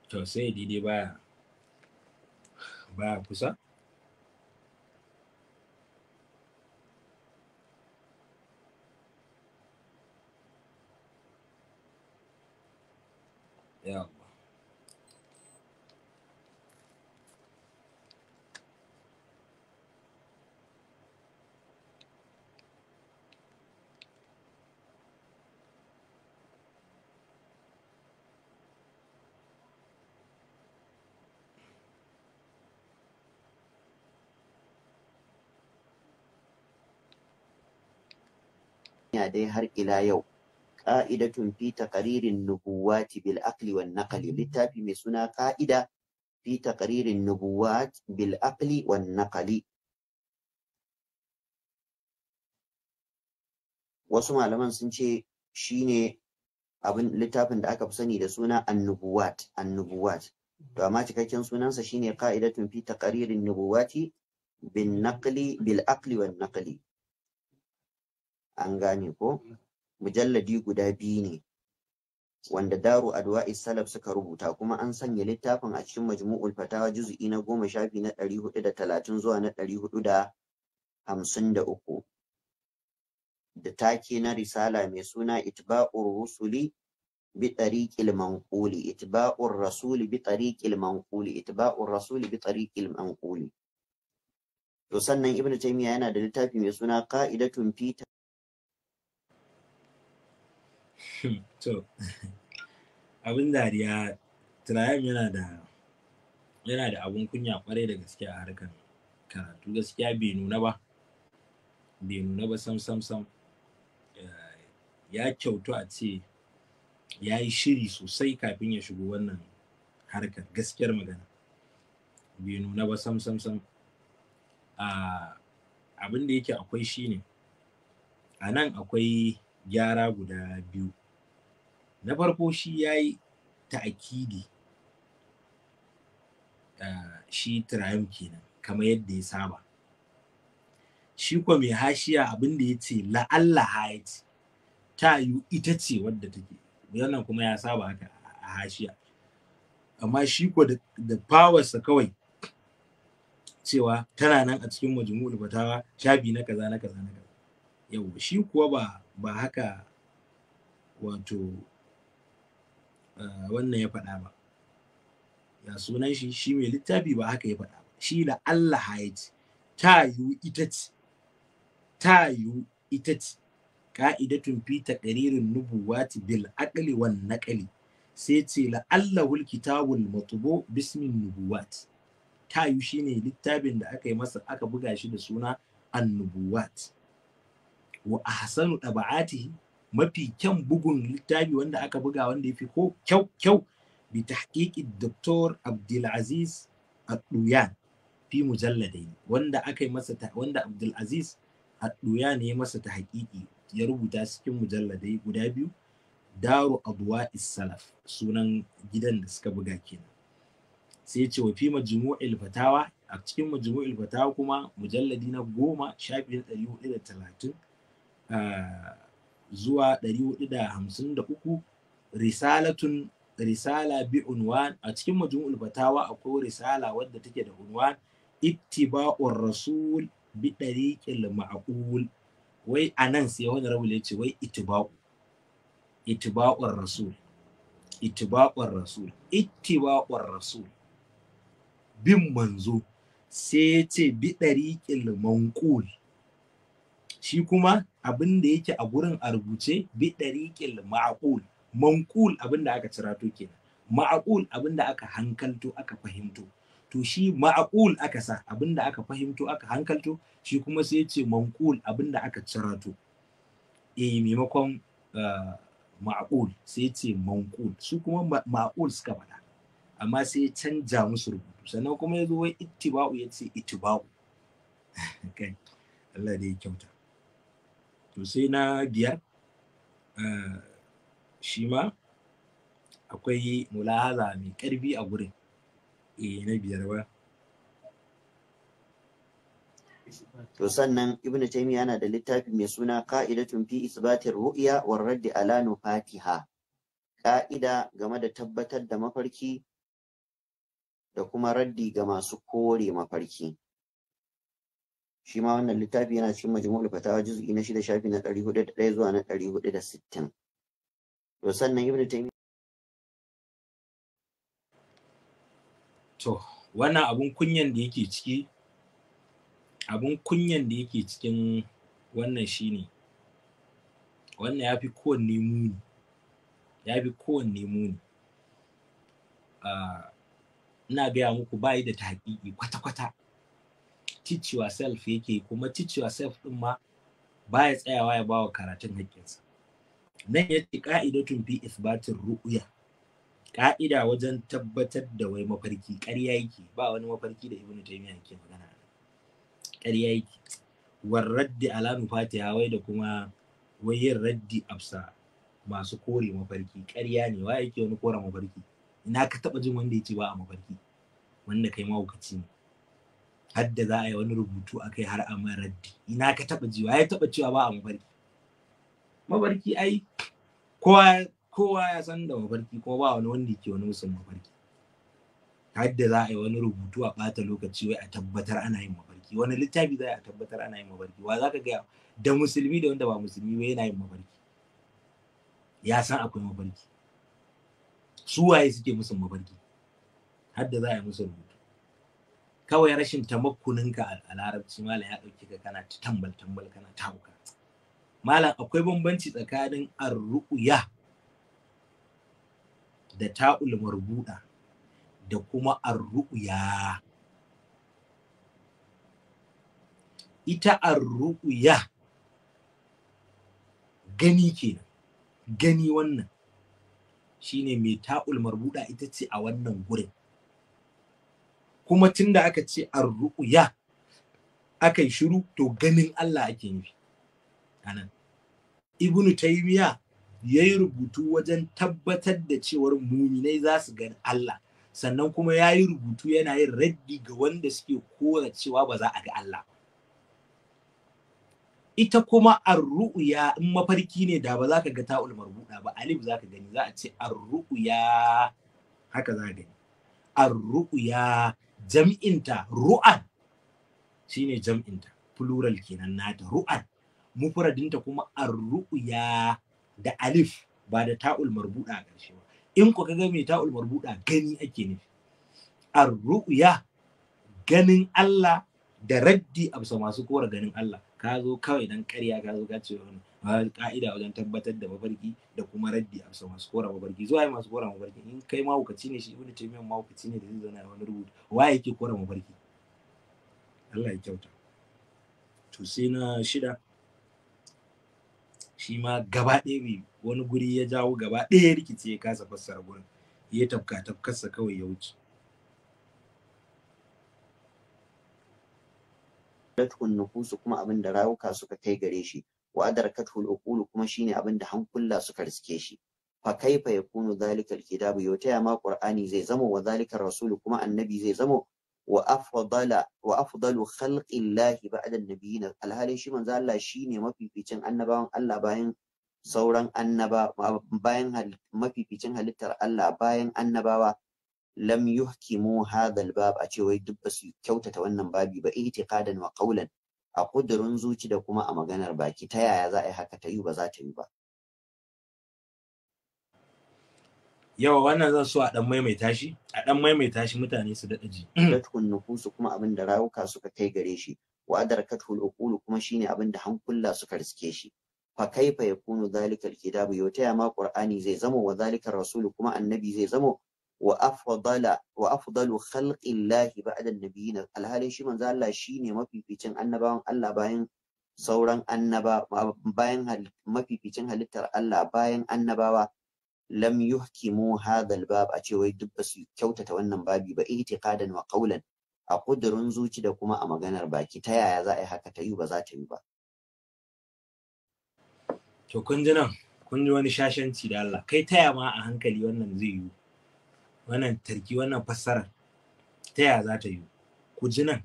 Speaker 2: Então, assim, ele, ele vai, vai abusar. Yeah.
Speaker 3: dai har ila yau ƙa'idatun fi taqririn nubuwati bil aqli wan naqli littafi mai suna ka'ida fi taqririn nubuwat bil aqli wan naqli wasu malaman sun ce shine abin littafin da aka fi sani da suna annubuwat annubuwat to amma cikakken sunansa shine qa'idatun fi taqririn nubuwati bin naqli bil aqli wan naqli an gane ko mm. mujalladi guda biyu ne wanda daru adwa'i salaf suka rubuta kuma an sanya littafin a cikin majmu'ul fatawa juz'i na goma shafi na ɗari hudu da talatin zuwa na ɗari hudu da hamsin da uku da take na risala mai suna itba'ur rusuli bi tariqil manquli itba'ur rasuli bi tariqil manquli itba'ur rasuli bi tariqil manquli to sannan ibnu taymiya yana da littafi mai suna qa'idatun fi
Speaker 2: to abin dariya tunayen yana da yana da abun kunya kwarai da gaskiya a harkar karatu gaskiya bai nuna ba bai nuna ba sam sam sam eh, ya kyautu a ce ya yi shiri sosai kafin ya shigo wannan harkar gaskiyar magana bai nuna ba sam sam sam ah, abin da yake akwai shine a nan akwai gyara guda biyu na farko shi ya yi ta'akidi shi tirayim kenan kamar yadda ya saba shi kuwa mai hashiya abin da ya ce la'alla hayati ta yi ita ce wadda take wannan kuma ya saba haka a hashiya amma shi kuwa da fawarsa kawai cewa tana nan a cikin majmu'ul fatawa shafi na kaza na kaza na kaza yau shi kuwa ba ba haka wato Ah, wannan ya faɗa ba ya sunan shi shi mai littafi ba haka ya faɗa ba shi da Allah haiti ta yu ita ce ta yu ita ce ka'idatun fi taqririn nubuwati bil aqli wan naqli sai ce la'allahul kitabul matbu bismin nubuwat ta yu shine littafin da aka yi masa aka buga shi da suna annubuwat wa ahsanu taba'atihi mafi kyan bugun littafi wanda aka buga wanda ya fi ko kyau kyau bi tahqiqi Dr. Abdulaziz Aduyan fi mujalladai wanda aka yi masa wanda Abdulaziz Aduyan ya masa ta haƙiƙi ya rubuta cikin mujalladai guda biyu Daru Adwa Salaf sunan gidan da suka buga kenan sai ya ce wa fi majmu'il fatawa a cikin majmu'il fatawa kuma mujalladi na goma shafin ɗari hudu da talatin ah, zuwa 453 risalatun risala bi unwan a cikin majmu'ul fatawa akwai risala wadda take da unwan ittiba'ur rasul bi dariqil ma'qul wai anan sai wani rabu ya ce wai ittiba'u ittiba'ur rasul ittiba'ur rasul ittiba'ur rasul bin manzo sai ya ce bi dariqil manqul shi kuma abin da yake a gurin a rubuce bi ɗariƙil ma'aqul manqul abin da aka cirato kenan ma'aqul abin da aka hankalto aka fahimto to shi ma'aqul aka sa abin da aka fahimto aka hankalto shi kuma sai ce manqul abin da aka cirato eh maimakon eh, ma'aqul sai ce manqul su kuma ma'aƙul suka faɗa amma sai ya canja musu rubutu sannan kuma ya zo wai ittiba'u ya ce ittiba'u Allah da ya kyauta to sai na biyar eh, shi ma akwai mulahaza mai karbi a gurin e na biyar ba
Speaker 3: to sannan ibn taimi yana da littafi mai suna ka'idatun fi isbatir ru'ya war raddi ala nufatiha ka'ida game da tabbatar da mafarki da kuma raddi ga masu kore mafarki shi ma wannan littafi yana cikin majmu'ul fatawa juz'i na shida shafi na ɗari da ɗaya zuwa na ɗari da sittin to sannan ibn taymi
Speaker 2: to wannan abun kunyan da yake ciki abun kunyan da yake cikin wannan shine wannan ya fi kowanne muni ya fi kowanne muni ah, ina gaya muku bayi da taƙiƙi kwata-kwata teach yourself yake kuma teach yourself ɗin ma ba ya tsayawa ya bawa karatun haƙƙinsa nan ya ce ka'idatun fi isbatin ru'uya ka'ida wajen tabbatar da wai mafarki ƙarya yake ba wani mafarki da ibnu taymiya yake magana ƙarya yake war raddi ala Fatiha wai da kuma wai yin raddi afsa masu kore mafarki ƙarya ne wa yake wani kore mafarki ina ka taɓa jin wanda ya ce ba a mafarki wanda kai mahaukaci ne har da za a yi wani rubutu a kai har a raddi ina ka taɓa jiwa ya taɓa cewa ba a mafarki mafarki ai kowa ya san da mafarki kuma ba wani wanda ke wani musulman mafarki har da za a yi wani rubutu a ɓata lokaci wai a tabbatar ana yin mafarki wani littafi za a tabbatar ana yin mafarki wa za ka gaya da musulmi da wanda ba musulmi wai yana yin mafarki ya san akwai mafarki su waye suke musu mafarki har da za a yi musu rubutu kawai rashin ka a larabci malam ya ɗauki ka kana ta tambal tambal kana ta hauka malam akwai bambanci tsakanin arru'ya da ta'ul marbuda da kuma arru'ya ita arru'ya gani kenan gani wannan shine mai ta'ul marbuda ita ce a wannan gurin kuma tunda aka ce ya, aka yi shiru to ganin Allah ake yi anan ibnu taymiya yayi rubutu wajen tabbatar da cewar muminai za su gani Allah sannan kuma yayi rubutu yana yin raddi ga wanda suke kora cewa ba za a ga Allah ita kuma ar-ru'ya in mafarki ne da ba za ka ga ta'ul marbuda ba alif za ka gani za a ce ar-ru'ya haka za gani ar-ru'ya jam'inta ru'an shine jam'inta plural kenan nata ru'an mufradinta kuma arru'ya da alif ba da ta'ul marbuda a ƙarshe ba in ku kaga mai ta'ul marbuda gani ake nufi arru'ya ganin Allah da raddi a masu kowar ganin Allah ka zo kawai dan ƙarya ka zo ka ce wani ka'ida wajen tabbatar da mafarki da kuma raddi a masu kora mafarki zuwa yi masu kora mafarki in kai mahaukaci ne shi ibnu taymiya mahaukaci ne da zai zana wani rubutu waye yake kora mafarki Allah ya kyauta to sai na shida shi ma gaba ɗaya wani guri ya jawo gaba ɗaya rikici ya kasa fassara gurin ya tafka tafkarsa kawai ya wuce kun nufusu kuma
Speaker 3: abin da rawuka suka kai gare shi wa adarkatu al-uqulu kuma shine abin da hankula suka riske shi fa kaifa yakunu dhalika al-kitabu yotaya ma ƙur'ani zai zamo wa dhalika rasulu kuma annabi zai zamo wa afdala wa afdalu khalqillahi ba'da an-nabiyyin alhalin shi manzo shine mafificin sauran mafificin halittar Allah bayan annabawa lam yuhkimu hadha al a ce duk basu kyautata wannan babi ba i'tiqadan wa qawlan a ƙudurin zuci da kuma a maganar baki ta yaya za a yi haka ta yi ba za ta yi ba
Speaker 2: yawa wannan zan so a ɗan maimaita shi a ɗan maimaita shi mutane su daɗa ji
Speaker 3: katkun nufusu kuma abin da rawuka suka kai gare
Speaker 2: shi wadar katkun ukulu
Speaker 3: kuma shine abin da hankula suka riske shi fa kaifa yakunu zalikal kitabu yau ta ma ƙur'ani zai zama wa zalikar rasulu kuma annabi zai zama wa afdala wa afdalu khalqillahi ba'da na alhalin shi manzo Allah shine mafificin annabawan Allah bayan sauran annaba mafificin halittar Allah bayan annabawa lam yuhkimu hadha bab a cewa duk ba su kyautata wannan babi ba i'tiqadan wa qawlan a kudurin zuci da kuma a maganar baki ta yaya za a haka ta yi ba za
Speaker 2: ta yi ba to kun ji nan kun ji wani shashanci da Allah kai taya ma a hankali wannan zai yi wannan tarki wannan fassara, ta ya za ta yi ku ji nan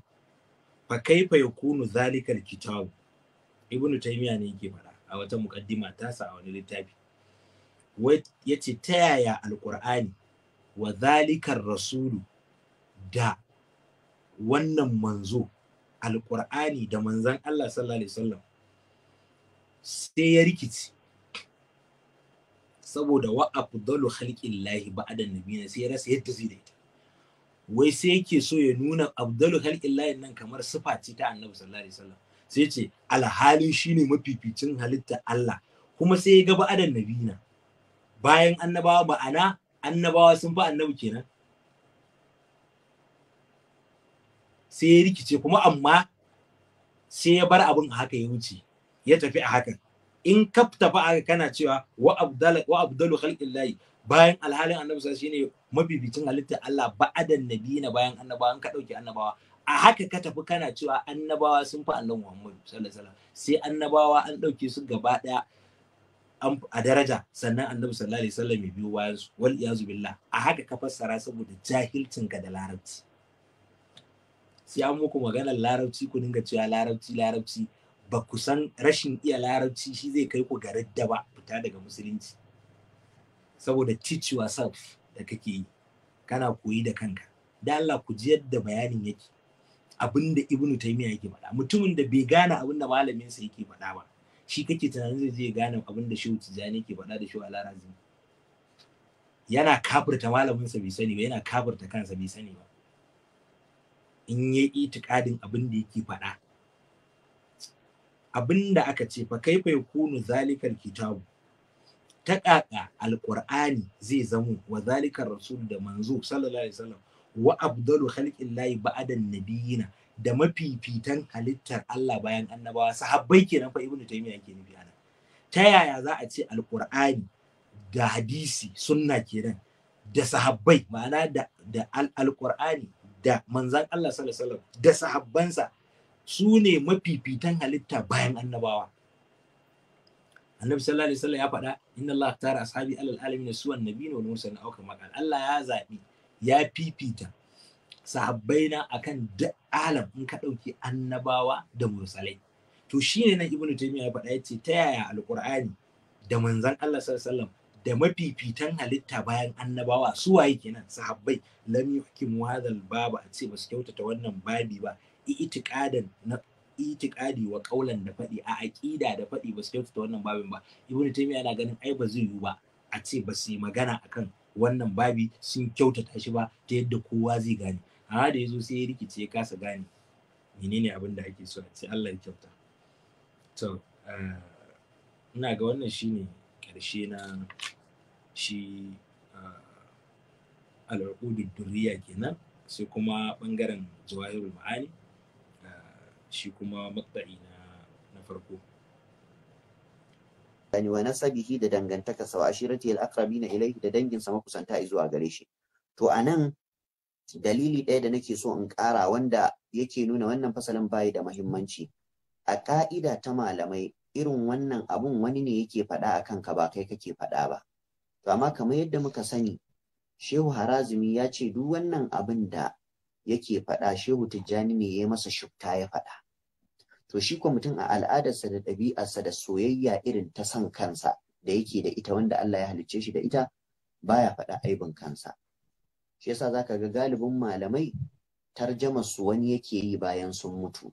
Speaker 2: fa fa yakunu zalikal kitabu ibnu taymiya ne yake faɗa a wata muqaddima sa a wani littafi yace ta yaya alqur'ani wa zalikar rasulu da wannan manzo alqur'ani da manzon Allah sallallahu alaihi wasallam sai ya rikici saboda wa afdalu khalqillahi ba'da nabiyina sai rasa yadda zai da ita wai sai yake so ya nuna afdalu khalqillahi nan kamar sifa ce ta annabi sallallahu alaihi wasallam sai ce alhali shine mafificin halitta Allah kuma sai ya ga ba'adan na. bayan annabawa ma'ana annabawa sun ba annabi kenan sai ya rikice kuma amma sai ya bar abin haka ya wuce ya tafi a hakan in kafta ba kana cewa wa abdalu wa abdalu khalqillahi bayan alhalin annabi sai shine mabibicin halitta Allah ba'adan nabiyina bayan annabawa ka dauki annabawa a haka ka tafi kana cewa annabawa sun fi annabi Muhammad sallallahu alaihi wasallam sai annabawa an dauke su gaba daya a daraja sannan annabi sallallahu alaihi wasallam ya biyo bayan su wal iyazu billah a haka ka fassara saboda jahilcin ka da larabci sai an muku maganar larabci ku dinga cewa larabci larabci ba ku san rashin iya larabci shi zai kai ku ga radda ba fita daga musulunci saboda teach yourself da kake yi kana koyi da kanka da Allah ku ji yadda bayanin yake abin da ibnu taymiya yake faɗa mutumin da bai gane abin da malamin sa yake faɗa ba shi kake tunanin zai je gane abin da shehu tijani yake faɗa da shehu alarazi yana kafirta malaminsa sa bai sani ba yana kafirta kansa bai sani ba in yi itikadin abin da yake faɗa abinda aka ce fa kai fa yakunu zalikal kitabu ta ƙaƙa alƙur'ani zai zamo wa zalikar rasul da manzo sallallahu alaihi wasallam wa abdalu khalqillahi ba'dan nabiyina da mafifitan halittar Allah bayan annabawa sahabbai kenan fa ibnu taymiya yake nufi anan ta yaya za a ce alƙur'ani da hadisi sunna kenan da sahabbai ma'ana da da alƙur'ani da manzan Allah sallallahu alaihi wasallam da sahabbansa Sune ne mafifitan halitta bayan annabawa annabi sallallahu alaihi wasallam ya faɗa inna Allah tara ashabi alal alamin su annabi ne mursalin aw kama qala Allah ya zabi ya fifita sahabbaina akan duk alam in ka dauki annabawa da mursalai to shine nan ibnu taymiya ya faɗa yace ta yaya alqur'ani da manzon Allah sallallahu alaihi wasallam da mafifitan halitta bayan annabawa su waye kenan sahabbai lam yuhkimu hadha al a ce ba su kyautata wannan babi ba itiqadan na itikadi wa kaulan da faɗi a aƙida da faɗi ba su kyautata wannan babin ba ibn taymiya yana ganin ai ba zai yi ba a ce ba su yi magana akan wannan babi sun kyautata shi ba ta yadda kowa zai gane amma da yazo sai ya rikice ya kasa gane menene abin da ake so a ce Allah ya kyauta to eh, ina ga wannan shine karshe na shi eh, al'uqudud durriya kenan sai kuma bangaren jawahirul ma'ani shi kuma matsayi na farko
Speaker 3: dani wa nasabihi da dangantaka sawa ashirati al-aqrabina ilayhi da danginsa makusanta zuwa gare shi to anan dalili ɗaya da nake so in ƙara wanda yake nuna wannan fasalin bayi da mahimmanci a ƙa'ida ta malamai irin wannan abun wani ne yake faɗa a kanka ba kai kake faɗa ba to amma kamar yadda muka sani shehu harazumi ya ce duk wannan abin da yake faɗa shehu tijjani ne ya masa shubta ya faɗa to shi kuma mutum a al'adarsa da ɗabi'arsa da soyayya irin ta san kansa da yake da ita wanda Allah ya halicce shi da ita baya faɗa aibin kansa shi yasa zaka ga galibin malamai tarjama su wani yake yi bayan sun mutu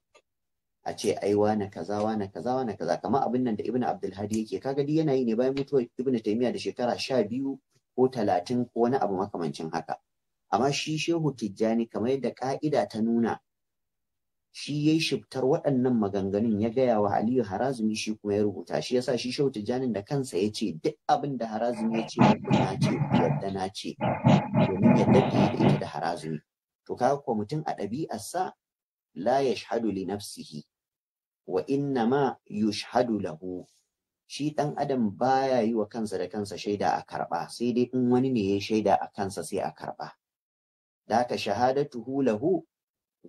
Speaker 3: a ce ai wane kaza wane kaza wane kaza kamar abin nan da Ibn Abdulhadi Hadi yake kaga dai yana yi ne bayan mutuwar Ibn Taymiyyah da shekara sha biyu ko talatin ko wani abu makamancin haka amma shi shehu tijjani kamar yadda ka'ida ta nuna shi ya yi shiftar waɗannan maganganun ya gaya wa aliyu harazumi shi kuma ya rubuta shi yasa shi shehu tijjanin da kansa ya ce duk abin da harazumi ya ce na ce yadda na ce domin yadda ke da ita da harazumi to ka kuwa mutum a ɗabi'arsa la yashhadu li nafsihi wa inna ma yushhadu lahu shi ɗan adam baya yi wa kansa da kansa shaida a karɓa sai dai in wani ne ya shaida a kansa sai a karɓa daka shahadatuhu lahu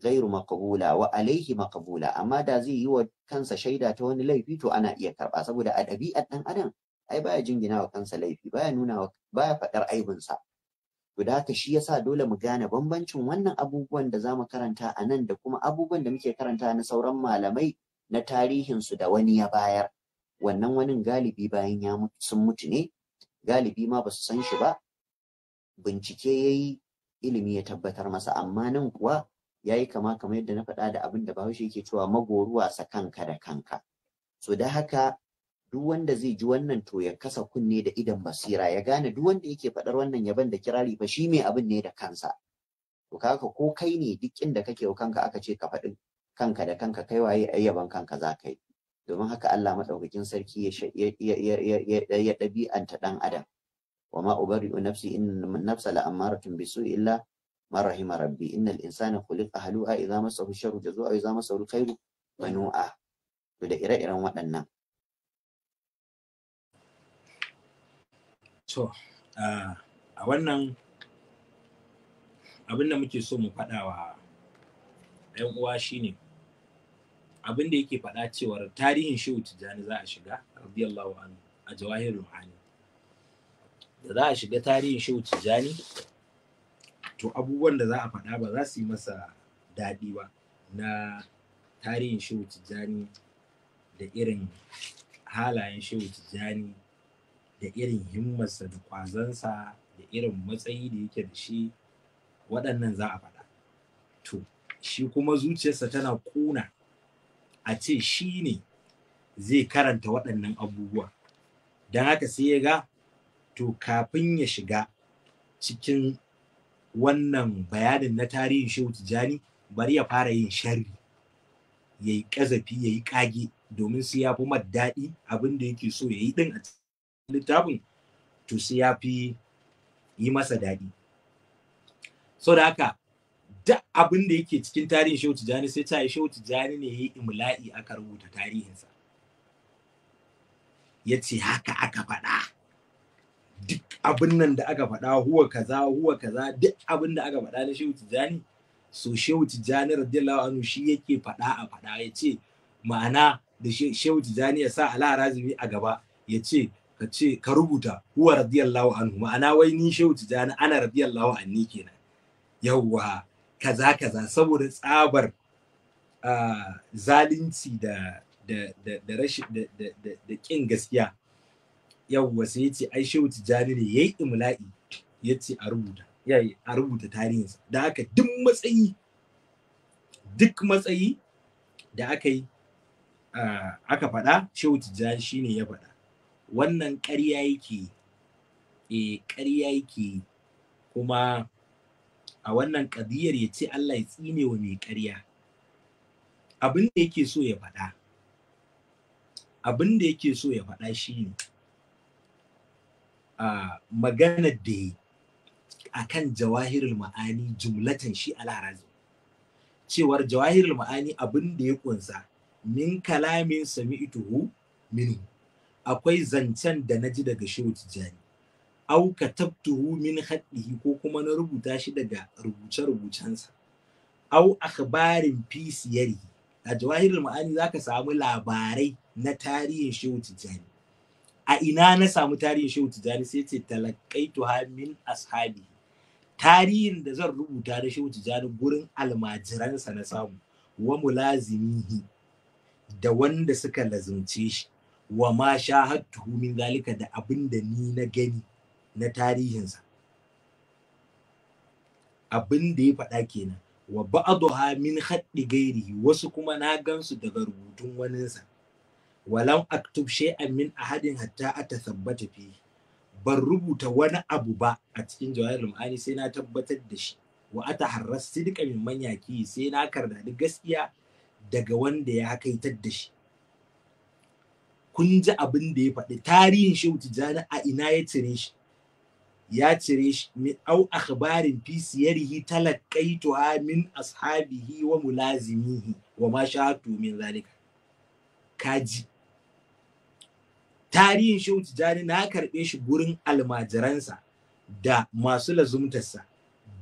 Speaker 3: ghairu Makabula wa alaihi maqbula amma da zai yi wa kansa shaida ta wani laifi to ana iya karba saboda a ɗabi'ar ɗan adam ai baya jingina wa kansa laifi baya nuna wa baya faɗar aibinsa to da haka shi yasa dole mu gane bambancin wannan abubuwan da zamu karanta a nan da kuma abubuwan da muke karanta na sauran malamai na tarihin su da wani ya bayar wannan wani galibi bayan ya sun mutu ne galibi ma ba su san shi ba bincike yayi ilimi ya tabbatar masa amma nan kuwa ya yi kama kamar yadda na faɗa da abin da bahaushe yake cewa magoruwa sa kanka da kanka so da haka duk wanda zai ji wannan to ya kasa kunne da idan basira ya gane duk wanda yake faɗar wannan yaban da kirari fa shi mai abin ne da kansa to kaka ko kai ne duk inda kake wa kanka aka ce ka faɗi kanka da kanka kai waye ai yaban kanka za ka yi domin haka Allah madaukakin sarki ya ya ya ya ɗabi'anta ɗan adam wa ma ubari'u nafsi inna nafsa la'amaratun bisu'i illa ma rahima rabbi innal insana khuliqa halu'a idza massahu sharru jazua idza الخير alkhairu manu'a to da ire-iren waɗannan
Speaker 2: a wannan abin da muke so mu faɗa wa ‘yan uwa shine abin da yake faɗa cewar tarihin shehu tijjani za a shiga radiyallahu anhu a jawahirul ma'ani da za a shiga tarihin shehu tijjani to abubuwan da za a faɗa ba za su yi masa daɗi ba na tarihin shehu tijjani da irin halayen shehu tijjani da irin himmarsa da kwazansa da irin matsayi da yake da shi waɗannan za a faɗa to shi kuma zuciyarsa tana kuna a ce shi ne zai karanta waɗannan abubuwa don haka sai ya ga to kafin ya shiga cikin wannan bayanin na tarihin shehu tijani bari ya fara yin sharri ya yi ƙazafi ya yi ƙage domin su ya fi abin da yake so ya yi ɗin a littafin to su ya fi yi masa daɗi so da haka duk abin da yake cikin tarihin shehu tijani sai ta yi shehu tijani ne ya yi imla'i aka rubuta tarihinsa ya ce haka aka faɗa duk abin nan da aka faɗa huwa kaza huwa kaza duk abin da aka faɗa na shehu tijjani so shehu tijjani radiyallahu anhu shi yake faɗa a faɗa ya ce ma'ana da shehu tijjani ya sa ala razumi a gaba ya ce ka ce ka rubuta huwa radiyallahu anhu ma'ana wai ni shehu tijjani ana radiyallahu anni kenan yawwa kaza kaza saboda tsabar ah, zalunci da da da da da da gaskiya yawwa sai ya ce ai shehu tijjani ne yi imla'i ya ce a rubuta yi a rubuta tarihinsa da haka duk matsayi duk matsayi da aka yi aka faɗa shehu tijjani ne ya faɗa wannan ƙarya yake e ƙarya yake kuma a wannan ƙadiyar ya ce Allah ya tsine wa mai ƙarya abin da yake so ya faɗa abin da yake so ya faɗa shi ne maganar da a kan jawahirul ma'ani jumlatan shi a larazi cewar jawahirul ma'ani abin da ya kunsa min kalamin ituhu minu akwai zancen da na ji daga shehu tijjani au tabtuhu min haddihi ko kuma na rubuta shi daga rubuce-rubucensa au akhbarin fi siyari a jawahirul ma'ani za ka samu labarai na tarihin shehu tijjani a ina na samu tarihin shehu tijani sai ce talakaitu min ashabi tarihin da zan rubuta na shehu tijani gurin almajiransa na samu wa mulazimihi da wanda suka lazimce shi wa ma sha shahadtuhu min zalika da abin da ni na gani na tarihinsa abin da ya faɗa kenan wa ha min haddi gairihi wasu kuma na gansu daga rubutun waninsa walam aktub shay'an min ahadin hatta atathabbata fi ban rubuta wani abu ba a cikin jawahirul ma'ani sai na tabbatar da shi wa ata harras sidqa min manyaki sai na kardadi gaskiya daga wanda ya hakaitar da shi kun ji abin da ya faɗi tarihin shehu tijjani a ina ya cire shi ya cire shi min au akhbarin fi siyarihi talaqaituha min ashabihi wa mulazimihi wa ma sha'atu min zalika kaji tarihin shehu tijjani na karɓe shi gurin almajiransa da masu lazumtarsa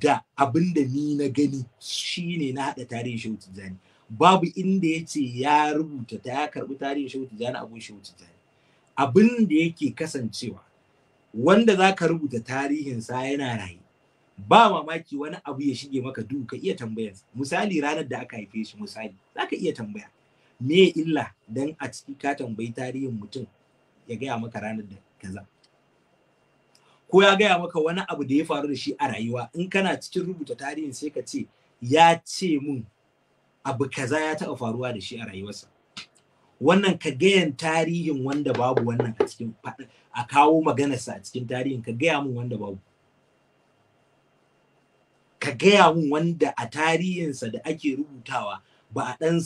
Speaker 2: da abin da ni na gani shine na haɗa tarihin shehu tijjani babu inda ya ce ya rubuta ta ya karɓi tarihin shehu tijjani abun shehu tijjani abin da yake kasancewa wanda za ka rubuta sa yana raye ba mamaki wani abu ya shige maka duk ka iya tambayarsa misali ranar da aka haife shi misali za ka iya tambaya me illa dan a ciki ka tambayi tarihin mutum ya gaya maka ranar da kaza ko ya gaya maka wani abu da ya faru da shi a rayuwa in kana cikin rubuta tarihin sai ka ce ya ce mun abu kaza ya taɓa faruwa da shi a rayuwarsa wannan ka gayan tarihin wanda babu wannan a cikin a kawo maganarsa a cikin tarihin ka gaya mun wanda babu ka gaya mun wanda a tarihinsa da ake rubutawa ba a ɗan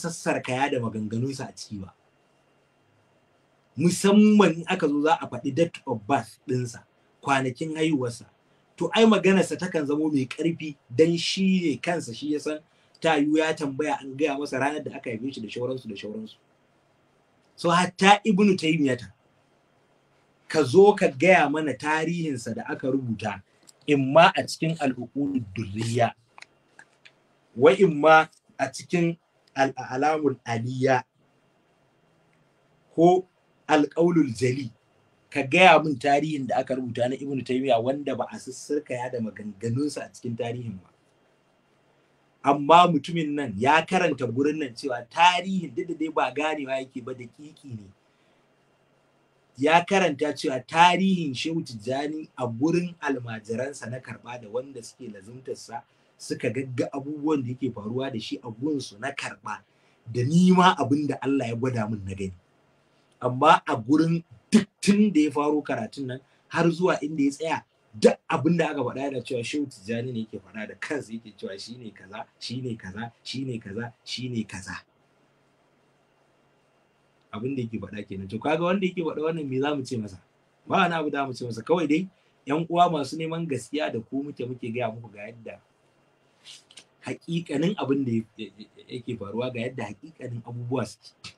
Speaker 2: ya da maganganunsa a ciki ba musamman aka zo za a faɗi date of birth ɗinsa kwanakin haihuwarsa to ai maganarsa takan zamo mai ƙarfi dan shi ne kansa shi ya san ta yiwu ya tambaya an gaya masa ranar da aka haife shi da shauransu da shauransu so hatta ibnu taymiyata ka zo ka gaya mana tarihinsa da aka rubuta in ma a cikin al'uqulud durriya wa in ma a cikin al'alamul aliya ko alƙaulul jali ka gaya min tarihin da aka rubuta na ibnu taymiya wanda ba a sassarka ya da maganganunsa a cikin tarihin ba amma mutumin nan ya karanta gurin nan cewa tarihin duk da dai ba ganewa yake ba da kiki ne ya karanta cewa tarihin shehu tijjani a gurin almajiransa na karba da wanda suke lazumtarsa suka gagga abubuwan da yake faruwa da shi a gunsu na karba da nima abin da Allah ya gwada min na gani amma a gurin duk tun da ya faro karatun nan har zuwa inda ya tsaya duk abin da aka faɗa da cewa shehu tijjani ne yake faɗa da kansa yake cewa shi ne kaza shi ne kaza shi ne kaza shi ne kaza abin da yake faɗa kenan to kaga wanda yake faɗa wannan me za mu ce masa ba wani abu da mu ce masa kawai dai yan uwa masu neman gaskiya da ku muke muke gaya muku ga yadda hakikanin abin da yake faruwa ga yadda hakikanin abubuwa suke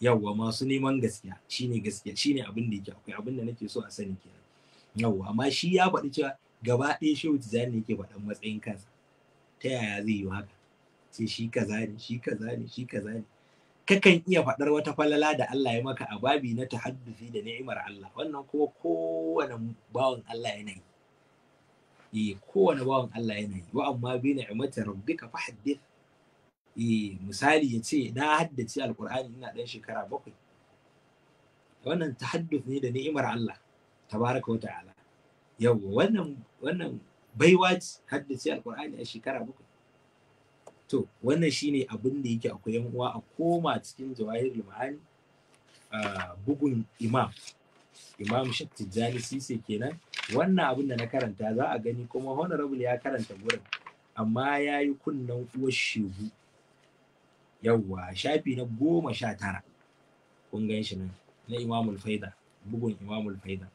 Speaker 2: yawwa masu neman gaskiya shine gaskiya shine abin da yake akwai abin da nake so a sani kenan yawwa amma shi ya faɗi cewa gaba ɗaya shehu tijani yake faɗan matsayin kansa ta yaya zai yi haka sai shi kaza ne shi kaza ne shi kaza ne kakan iya faɗar wata falala da Allah ya maka a babi na tahaddufi da ni'imar Allah wannan kuma kowane bawan Allah yana yi eh kowane bawan Allah yana yi wa amma bi ni'imati rabbika fahaddith eh misali ya ce na haddace alkur'ani ina ɗan shekara bakwai wannan tahadduf ne da ni'imar Allah tabaraka wa ta'ala Yau wannan wannan baiwa ce haddace alkur'ani a shekara bakwai to wannan shine abin da yake akwai yan uwa a koma cikin jawahirul ma'ani bugun imam imam shak tijjani sise kenan wannan abin da na karanta za a gani kuma honorable ya karanta gurin amma ya yi kunnen uwar shegu yawwa shafi na goma sha tara kun gan shi nan na imamul faida bugun imamul faida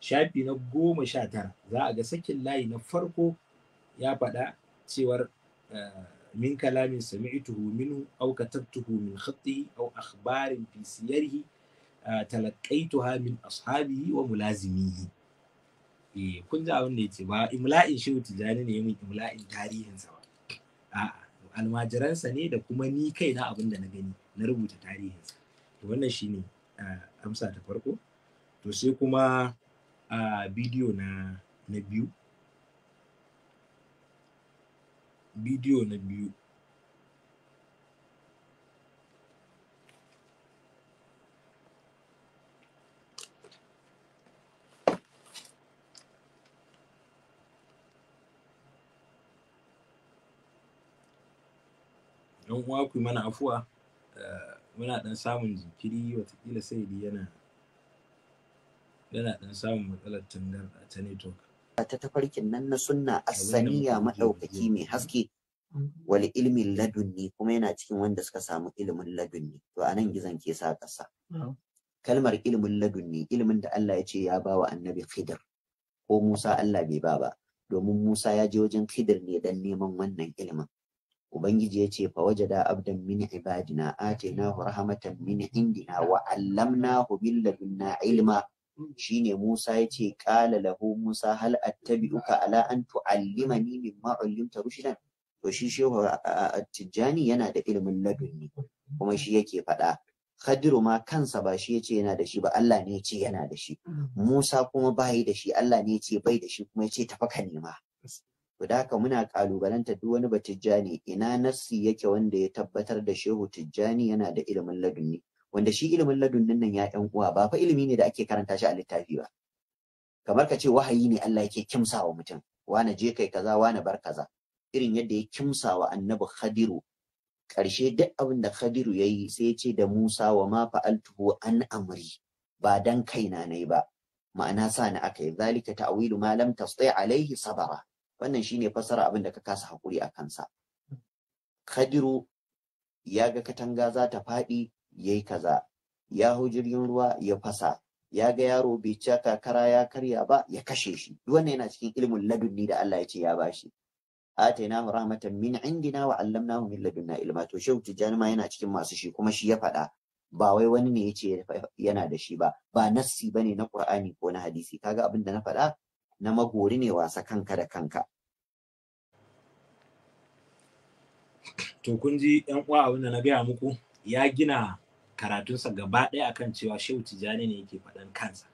Speaker 2: shafi na goma sha tara za a ga sakin layi na farko ya faɗa cewar eh, min kalamin sami'tuhu minhu aw katabtuhu min khatti aw akhbarin fi siyarihi eh, talaqaituha min ashabihi wa mulazimihi eh kun ji abin da ce ba imla'in shehu tijani ne yamin imla'in tarihin sa ba a'a almajiransa ne da kuma ni kai na abin da na gani na rubuta tarihinsa to wannan shine amsa ta farko to sai kuma bidiyo na biyu bidiyo na biyu yan uwa ku mana afuwa eh, muna dan samun jinkiri watakila sai yana yana dan samun matsalar a ta network
Speaker 3: ta tafarkin nan na sunna asaniya
Speaker 2: madaukaki mai haske
Speaker 3: wal ilmin ladunni kuma yana cikin wanda suka samu ilimin ladunni to anan gizon ke sa kasa kalmar ilimin ladunni ilimin da Allah ya ce ya ba wa annabi Khidir ko Musa Allah bai ba ba domin Musa ya je wajen Khidir ne dan neman wannan ilimin ubangiji ya ce fa wajada abdan min ibadina atainahu rahmatan min indina wa allamnahu min ladunna ilma shine Musa ya ce qala lahu Musa hal attabi'uka ala an tu'allimani mimma 'allimta rushdan to shi shehu Tijjani yana da ilimin ladunni kuma shi yake faɗa Khadiru ma kansa ba shi yace yana da shi ba Allah ne yace yana da shi mm. Musa kuma bai da shi Allah ne yace bai da shi kuma yace tafi nema to da haka muna kalubalanta duk wani batijjani ina nassi yake wanda ya tabbatar da shehu tijjani yana da ilimin ladunni wanda shi ilimin ladunnin nan ya yan uwa ba fa ilimi ne da ake karanta shi a littafi ba kamar ka ce wahayi ne Allah yake kimsawa mutum wane je kai kaza wane bar kaza irin yadda ya kimsawa annabi khadiru karshe duk abin da khadiru ya yi sai ya ce da musa wa ma fa'altuhu an amri ba dan kaina nayi ba ma'ana sa ni aka yi zalika ta'wilu ma lam tasti alaihi sabara wannan shine fasara abin da ka kasa hakuri a kansa Kadiru ya ga katanga za ta faɗi ya yi kaza ya hau jirgin ruwa ya fasa ya ga yaro bai cika kakara ya karya ba ya kashe shi wannan yana cikin ilimin ladunni da Allah ya ce ya bashi atainahu rahmatan min indina wa 'allamnahu min ladunna ilma to shehu tijani ma yana cikin masu shi kuma shi ya faɗa ba wai wani ne yace yana da shi ba ba nassi bane na Qur'ani ko na hadisi kaga abin da na faɗa na magori ne wasa kanka da kanka.
Speaker 2: To kun ji ‘yan uwa abin da na gaya muku ya gina karatunsa gaba ɗaya akan cewa Shehu Tijjani ne yake faɗan kansa.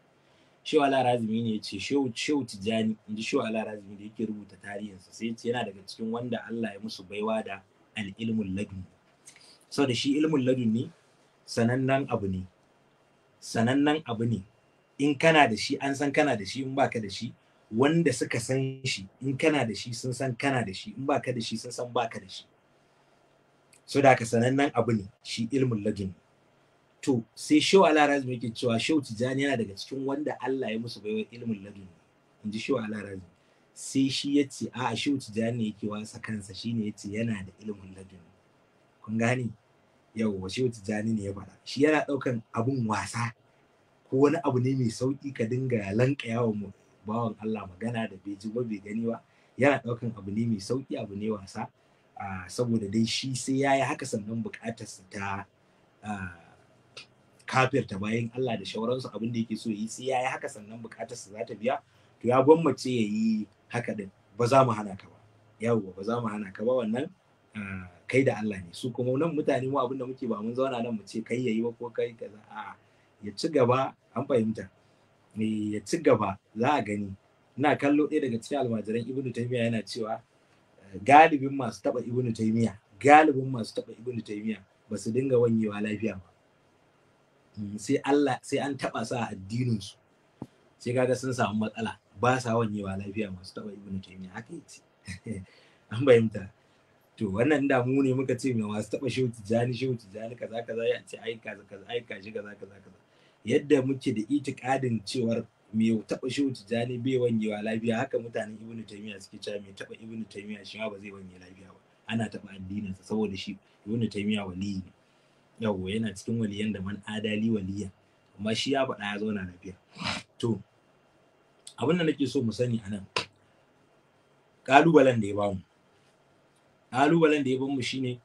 Speaker 2: Shehu Alarazumi ne ya ce Shehu Tijjani in ji Shehu Alarazumi da yake rubuta tarihinsa sai ce yana daga cikin wanda Allah ya musu baiwa da al'ilmun ladun. da shi ilmun ladun ne sanannen abu ne. Sanannen abu ne in kana da shi an san kana da shi in baka da shi wanda suka san shi in kana da shi sun san kana da shi in baka da shi sun san baka da shi so da ka sanannen abu ne shi ilmin lajin to sai shau ala razumi yake cewa shau tijani yana daga cikin wanda Allah ya musu baiwa ilmin lajin in ji shau ala razumi sai shi ya ce a shau tijani yake wasa kansa Shi ne ya ce yana da ilmin lajin kun gane wa shau tijani ne ya faɗa shi yana ɗaukan abun wasa ko wani abu ne mai sauki ka dinga lanka yawon mu bawan Allah magana da bai ji ba bai gani ba yana ɗaukan abu ne mai sauki abu ne wasa saboda dai shi sai ya haka sannan su ta ta bayan Allah da shauransu abin da yake so yi sai ya yi haka sannan su za ta biya to ya gwammace ya yi haka din ba za mu hana ka ba yawwa ba za mu hana ka ba wannan kai da Allah ne su kuma nan mutane mu abin da muke ba mun zauna nan mu ce kai yayi ba ko kai kaza a'a ya ci gaba an fahimta ne ya ci gaba za a gani ina kallo ɗaya daga cikin almajiran ibnu taymiya yana cewa eh, galibin masu taɓa ibnu taymiya galibin masu taɓa ibnu taymiya ba su dinga wanyewa lafiya ba mm, sai Allah sai an taɓa sa addinin su sai kaga sun samu matsala ba sa wanyewa lafiya masu taɓa ibnu taymiya haka yace an bayyanta to wannan da mu ne muka ce mai masu taɓa shehu tijani shehu tijani kaza kaza ya ce ai kaza kaza ai kaza kaza kaza yadda muke da itikadin cewar mai taɓa wuce jani bai wa lafiya haka mutanen ibnu taymiya suke cewa mai taɓa ibnu taymiya shi ma ba zai wanye lafiya ba ana taɓa addininsa saboda shi ibnu taymiya wali ne yawo yana cikin waliyan da man adali waliya amma shi ya faɗa ya zauna lafiya to abin da nake so mu sani anan, kalubalen ƙalubalen da ya bamu kalubalen da ya bamu shine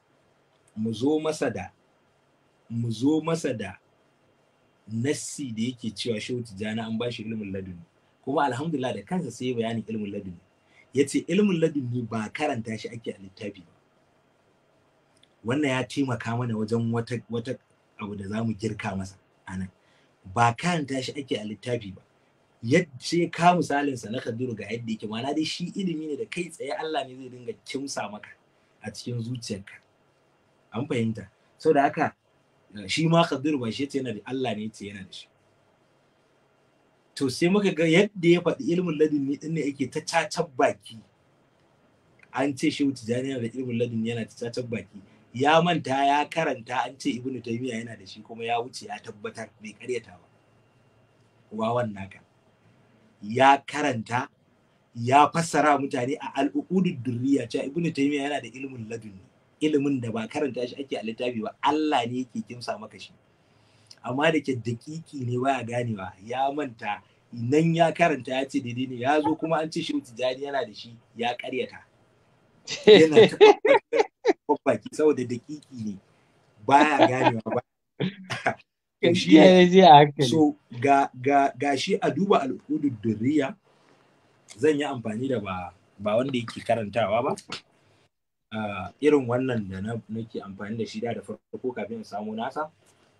Speaker 2: mu zo masa da mu zo masa da nassi da yake cewa shehu jana an bashi ilimin ladini kuma alhamdulillah da kansa sai bayanin ilimin ladini ya ce ilimin ladini ba karanta shi ake a littafi ba wannan ya taimaka mana wajen wata abu da zamu girka masa anan ba karanta shi ake a littafi ba yadda ka misalin sa na kaduru ga yadda yake mana dai shi ilimi ne da kai tsaye Allah ne zai dinga kimsa maka a cikin zuciyarka an fahimta saboda haka shi ma Kabiru ba shi yana da Allah ne yace yana da shi to sai muka ga yadda ya faɗi ilmin ne din ne yake ta cacar baki an ce shi tijani yana da ilmin ladin yana ta cacar baki ya manta ya karanta an ce ibnu taymiya yana da shi kuma ya wuce ya tabbatar bai karyata ba wawan naka ya karanta ya fassara mutane a al'uqudud durriya cewa ibnu taymiya yana da ilmin ne ilimin da ba karanta shi ake a littafi ba Allah ne yake kimsa maka shi amma da ke dakiki ne baya ganewa ya manta nan ya karanta ya ce daidai ne ya zo kuma an ce shi tijani yana da shi ya karyata yana baki saboda dakiki ne baya ganewa ba so ga shi a duba al'udud durriya zan yi amfani da ba ba wanda yake karantawa ba irin wannan da nake amfani da shi da da farko kafin in samu nasa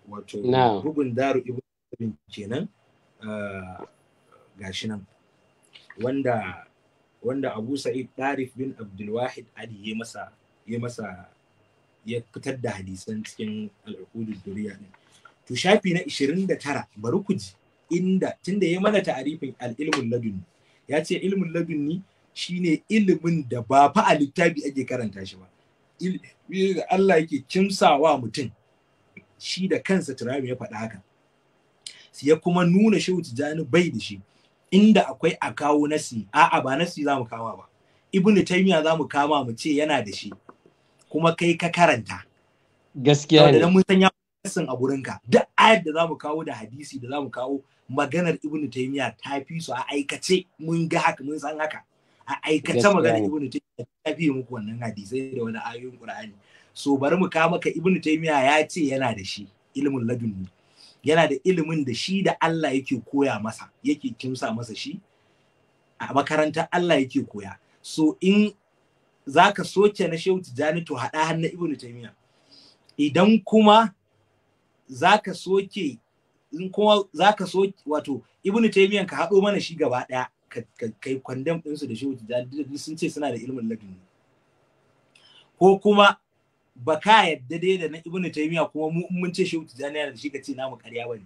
Speaker 2: wato bugun daru ibn kenan gashi nan wanda wanda Abu Sa'id Tarif bin Abdulwahid Ali ya masa ya masa ya fitar da hadisan cikin al'ukudu duriya ne. To shafi na 29 bari ku ji inda tunda ya mana ta'arifin al-ilmul ladunni ya ce ilmun ladunni shine ilimin da ba fa a littafi ake karanta shi ba Allah yake kimsawa mutum shi da kansa turabi ya faɗa haka sai ya kuma nuna shehu tijani bai da shi inda akwai a kawo nasi a'a ba nasi za mu kama ba Ibn taymiya za mu kama mu ce yana da shi kuma kai ka karanta
Speaker 1: gaskiya ne mun
Speaker 2: san ya a gurinka duk ayat da za mu kawo da hadisi da za mu kawo maganar ibnu taymiya ta fi su a aikace mun ga haka mun san haka a aikace magana ibnu taymiya ta fi muku wannan hadisai da wani ayoyin qur'ani so bari mu kawo maka ibnu taymiya ya ce yana da shi ilmin ladunni yana da ilimin da shi da Allah yake koya masa yake kimsa masa shi a makarantar Allah yake koya so in zaka soke na shehu tijani to haɗa hannun ibnu taymiya idan kuma zaka soke in kuma zaka soke wato ibnu taymiyan ka haɗo mana shi gaba ɗaya kai kwandam ɗinsu da shehu tijjani sun ce suna da ilimin laduni ko kuma ba ka yadda dai da na ibnu taymiya kuma mu mun ce shehu tijjani yana da shi ka ce namu ƙarya bane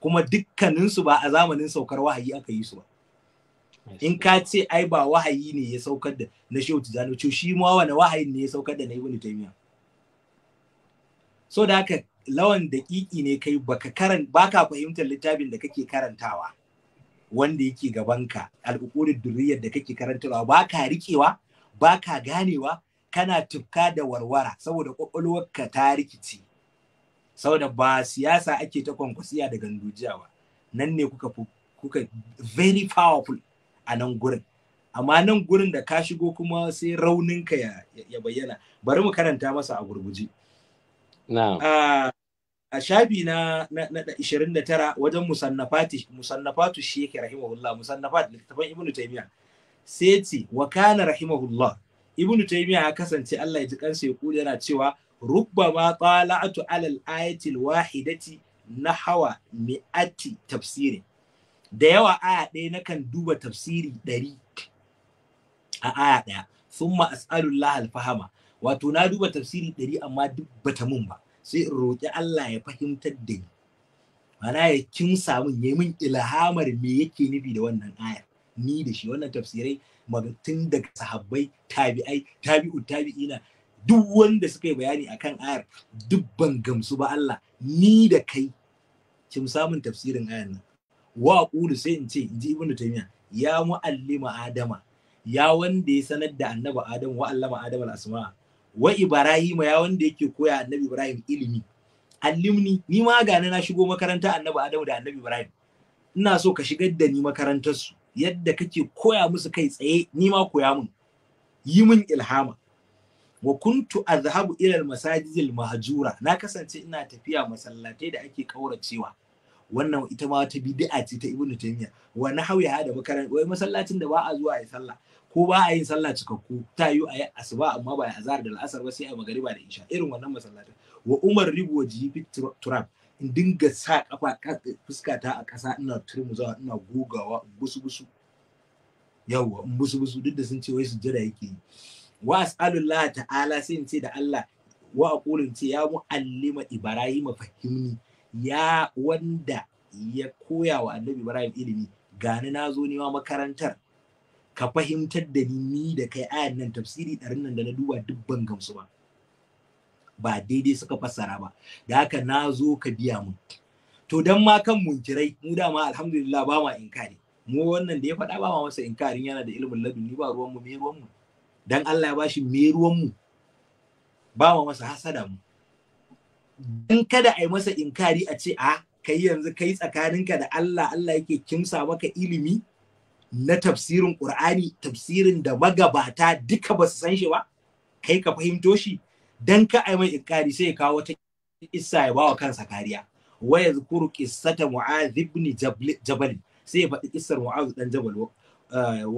Speaker 2: kuma dukkaninsu ba a zamanin saukar wahayi aka yi su ba in ka ce ai ba wahayi ne ya saukar da na shehu tijjani to shi ma wani wahayin ne ya saukar da na ibnu taymiya so da haka lawan daƙiƙi ne kai baka karan baka fahimtar littafin da kake karantawa wanda yake gaban ka, alƙuƙurin duriyar da kake karantarwa ba ka riƙewa ba ka ganewa kana tufka da warwara saboda ƙwaƙwalwarka ta rikici saboda ba siyasa ake ta kwankwasiya da gandujiya ba nan ne kuka kuka very powerful a nan gurin amma nan gurin da ka shigo kuma sai rauninka ya, bayyana bari mu karanta masa a gurguje na'am ah, a shafi na 29 wajen musannafatu shekhi rahimahullah musannafat littafan ibn taymiya sai ce wa kana rahimahullah ibn taymiya ya kasance Allah ya ji kansa ya kula yana cewa rubbama tala'atu alal ayatil wahidati nahawa mi'ati tafsiri da yawa aya ɗaya kan duba tafsiri ɗari a aya ɗaya sun ma'as'alullah alfahama wato na duba tafsiri ɗari amma duk bata mun ba sai in roƙi Allah ya fahimtar da ni mana ya kin samu ya min ilhamar me yake nufi da wannan ayar ni da shi wannan tafsirai tun daga sahabbai tabi'ai tabi'u tabi'ina duk wanda suka yi bayani akan ayar duk ban gamsu ba Allah ni da kai kin samun tafsirin ayar nan wa qulu sai in ce in ji ibnu taymiya ya muallima adama ya wanda ya sanar da annabi adam wa allama Adama al-asma wa ibrahima ya wanda yake koya annabi ibrahim ilimi allimni ni ma gane na shigo makaranta annabi adamu da annabi ibrahim ina so ka shigar da ni makarantar su yadda kake koya musu kai tsaye ni ma koya mun yi mun ilhama wa kuntu azhabu ila al-masajidil mahjura na kasance ina tafiya masallatai da ake kauracewa wannan ita ma wata bid'a ce ta ibnu taymiya wa nahwiha da makaran wai masallacin da ba a zuwa ya sallah ko ba a yin sallah cikakku ta yi a yi asuba amma ba a azhar da al'asar ba sai a magariba da isha irin wannan masallatan wa umar ribu wa jibi turab in dinga sa kafa fuska ta a kasa ina zawa, ina gogawa in busu busu in busu duk da sun ce wai su sujjada yake yi wa as'alullah ta'ala sai in ce da Allah wa aqulun ce ya muallima ibrahim fahimni ya wanda ya koya wa annabi ibrahim ilimi gani na zo wa makarantar ka fahimtar da ni da kai ayan nan tafsiri ɗarin nan da na duba duk ban gamsu ba ba daidai suka fassara ba da haka na zo ka biya mu to dan ma kan munkirai mu dama alhamdulillah ba ma inkari mu wannan da ya faɗa ba ma masa inkarin yana da ilimin ladunni ba ruwan mu me ruwan mu dan Allah ya bashi me ruwan mu ba ma masa hasada mu dan kada a yi masa inkari a ce a ah, kai yanzu kai tsakaninka da Allah Allah yake kimsa maka ilimi na tafsirin Qur'ani tafsirin da magabata duka ba su san shi ba kai ka fahimto shi dan ka ai mai inkari sai ya kawo wata kissa ya bawa kansa kariya wa yadhkuru qissata mu'adh ibn jabal sai ya faɗi kissar mu'adh dan jabal wa eh,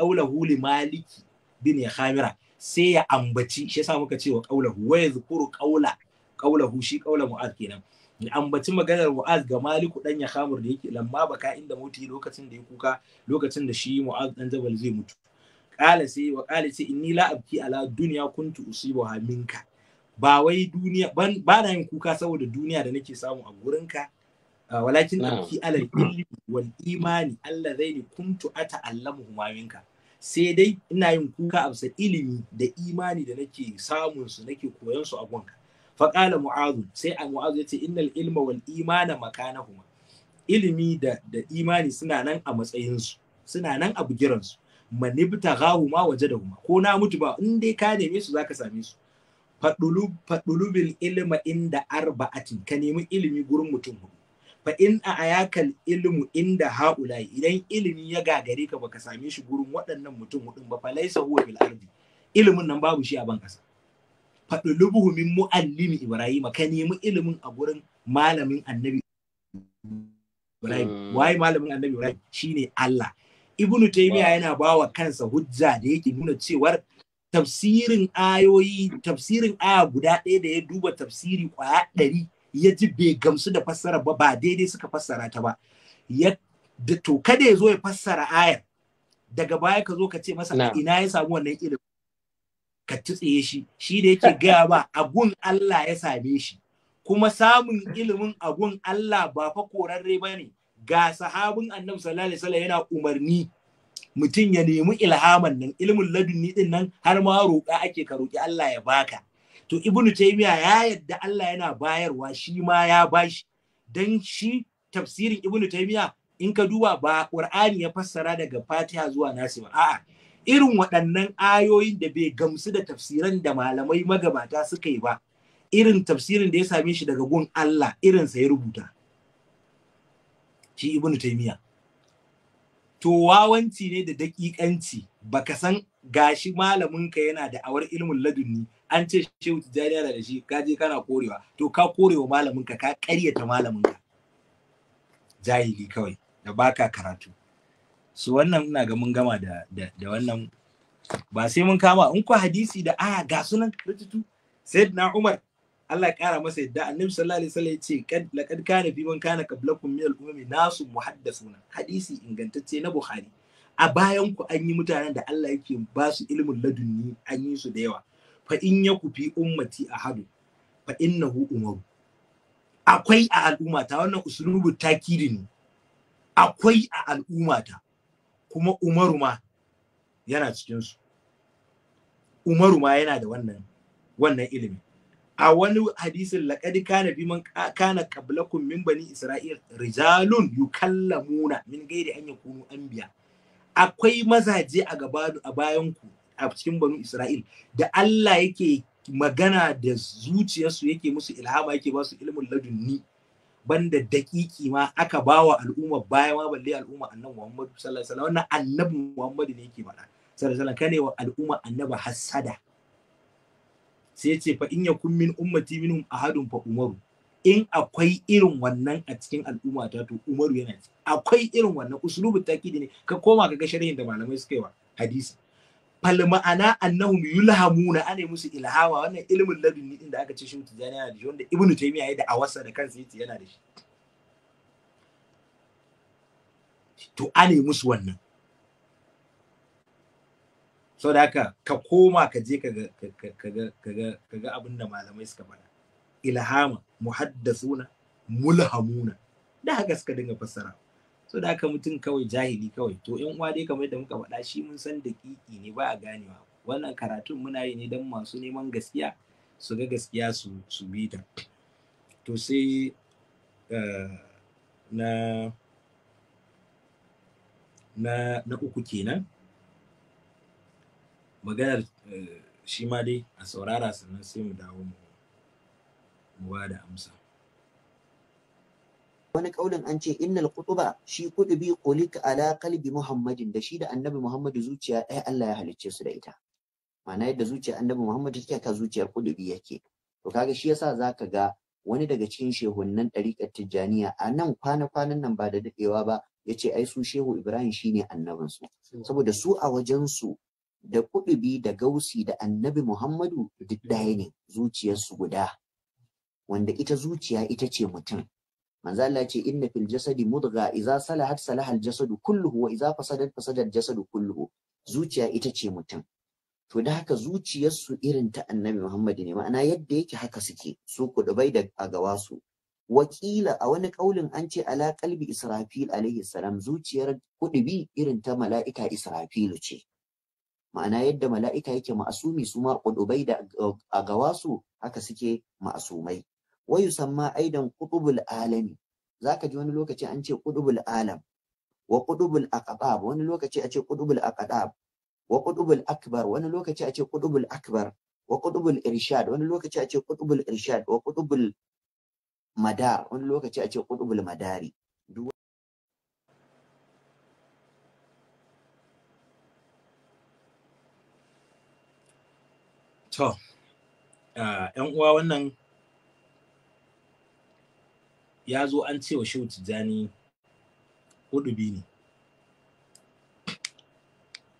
Speaker 2: qawluhu li malik bin khamira sai ya ambaci shi yasa muka ce wa qawluhu wa yadhkuru qawla qawluhu shi qawla mu'adh kenan Ni ambaci maganar Mu'az ga Maliku dan Yahamur da yake lamma baka inda mutu lokacin da ya kuka lokacin da shi Mu'az dan Jabal zai mutu qala sai wa qala sai inni la abki ala dunya kuntu usibuha minka ba wai duniya ba na yin kuka saboda duniya da nake samu a gurinka ah, walakin abki ala ilmi wal imani Allah allazaini kuntu ata'allamuhuma minka sai dai ina yin kuka a bisa ilimi da imani da nake samun su nake koyon su a ka. faƙala mu'azu sai a mu'azu ya ce innal ilma wal imana makanahuma ilimi da da imani suna nan a matsayinsu suna nan a bugiransu manibta gahu ma waje da huma ko na mutu ba in dai ka neme su zaka same su faɗulubil ilma inda arba'atin ka nemi ilimi gurin mutum hudu fa in a ayakal ilmu inda haƙulayi, idan ilimi ya gagare ka baka same shi gurin waɗannan mutum hudun ba fa laisa huwa bil ardi ilimin nan babu shi a ban kasa lubuhu min mu'allimi Ibrahim ka nemi ilimin a gurin malamin annabi Ibrahim mm. waye malamin annabi Ibrahim shine Allah Ibn Taymiyyah yana bawa kansa hujja da yake nuna cewar tafsirin ayoyi tafsirin aya guda ɗaya da ya duba tafsiri kwaya ɗari ya ji bai gamsu da fassara ba ba daidai suka fassara ta ba ya to kada ya zo ya fassara ayar daga baya ka zo ka ce masa ina ya samu wannan ilimi. ka tutsiye shi shi da yake gaya ba agun Allah ya same shi kuma samun ilimin agun Allah ba fa korarre ba ne ga sahabin annabi sallallahu alaihi wasallam yana umarni mutum ya nemi ilhaman nan ilimin ladunni din nan har ma roƙa ake ka roƙi Allah ya baka to ibnu taymiya ya yadda Allah yana bayarwa shi ma ya bashi dan shi tafsirin ibnu taymiya in ka duba ba qur'ani ya fassara daga fatiha zuwa nasi a'a irin waɗannan ayoyin da bai gamsu da tafsiran da malamai magabata suka yi ba irin tafsirin da ya same shi daga gun Allah irinsa ya rubuta shi ibnu taymiya to wawanci ne da dakikanci baka san gashi malaminka yana da awar ilmin ladunni an ce shehu wuce da shi ka je kana korewa to ka korewa malaminka ka ƙaryata malaminka jahili kawai da baka karatu su wannan ina ga mun gama da da wannan ba sai mun kama in ku hadisi da a ga sunan said sayyidina Umar Allah ya kara masa yadda annabi sallallahu alaihi wasallam yace kad laqad kana fi man kana qablakum min al umam nasu muhaddasuna hadisi ingantacce na Bukhari a bayan ku an yi mutanen da Allah yake ba su ilimin ladunni an yi su da yawa fa in ya ku fi ummati ahadu fa innahu umaru akwai a al'ummata wannan usulubu takiri ne akwai a al'ummata kuma umaru ma yana cikinsu umaru ma yana da wannan wannan ilimi a wani hadisin laqad kana bi man kana qablakum min bani isra'il rijalun yukallamuna min gairi an yakunu anbiya akwai mazaje a bayanku a bayan ku a cikin banu isra'il da Allah yake magana da zuciyarsu yake musu ilhama yake ba su ilmun ladunni banda daƙiƙi ma aka ba wa al'umma baya ma balle al'umma annabi Muhammad sallallahu alaihi wasallam wannan annabi Muhammadu ne yake faɗa sallallahu alaihi wasallam kane wa al'umma annabi hasada sai ya ce fa in yakun min ummati minhum ahadun fa umaru in akwai irin wannan a cikin al'umma ta to umaru yana akwai irin wannan uslubu takidi ne ka koma ka ga sharhin da malamai suka yi wa hadisi fal ma'ana annahum yulhamuna ane musu ilhawa wannan ilimin ladunni din da aka ce shehu jani yana da shi wanda ibnu taymiya ya da awasa da kansa yace yana da shi to ana musu wannan so da haka ka koma ka je ka ga kaga abin da malamai suka faɗa ilhama muhaddasuna mulhamuna da haka suka dinga fassara so da haka mutum kawai jahili kawai to yan uwa dai kamar da muka faɗa shi mun san daƙiƙi ne ba a ganewa wannan karatun muna yi ne don masu neman gaskiya su ga gaskiya su su bi ta to sai eh, na na na uku kenan maganar eh, shi ma dai a saurara sannan sai mu dawo mu ba da amsa wani
Speaker 3: kaulin an ce innal qutuba shi kutubi qulika ala qalbi muhammadin da shi da annabi muhammadu zuciya ɗaya Allah ya halicce su da ita ma'ana yadda zuciyar annabi muhammadu take ka zuciyar kutubi yake to kaga shi yasa ka ga wani daga cikin shehunnan ɗariƙar tijjaniya a nan kwana-kwanan nan ba da daɗewa ba ya ce ai su shehu ibrahim shine annabinsu saboda su a wajensu da kuɗubi da gausi da annabi muhammadu duk ɗaya ne zuciyarsu guda wanda ita zuciya ita ce mutum manzo Allah ce inna fil jasadi mudgha idza salahat salahal jasadu kulluhu wa idza fasadat fasadat jasadu kulluhu zuciya ita ce mutum to da haka zuciyarsu irin ta annabi Muhammad ne ma'ana yadda yake haka suke su dubai da a gawa su wakila a wani kaulin an ce ala qalbi israfil alaihi salam zuciyar kudubi irin ta mala'ika israfilu ce ma'ana yadda mala'ika yake ma'asumi su ma kudubai da a gawa su haka suke ma'asumai wayu samma aidan qutubul alami zaka ji wani lokaci an ce qutubul alam wa qutubul aqtab wani lokaci a ce qutubul aqtab wa qutubul akbar wani lokaci a ce qutubul akbar wa qutubul irshad wani lokaci a ce qutubul irshad wa qutubul madar wani lokaci a ce qutubul madari
Speaker 2: To, ‘yan ah, uwa wannan ya zo an ce wa shehu tijjani hudubi ne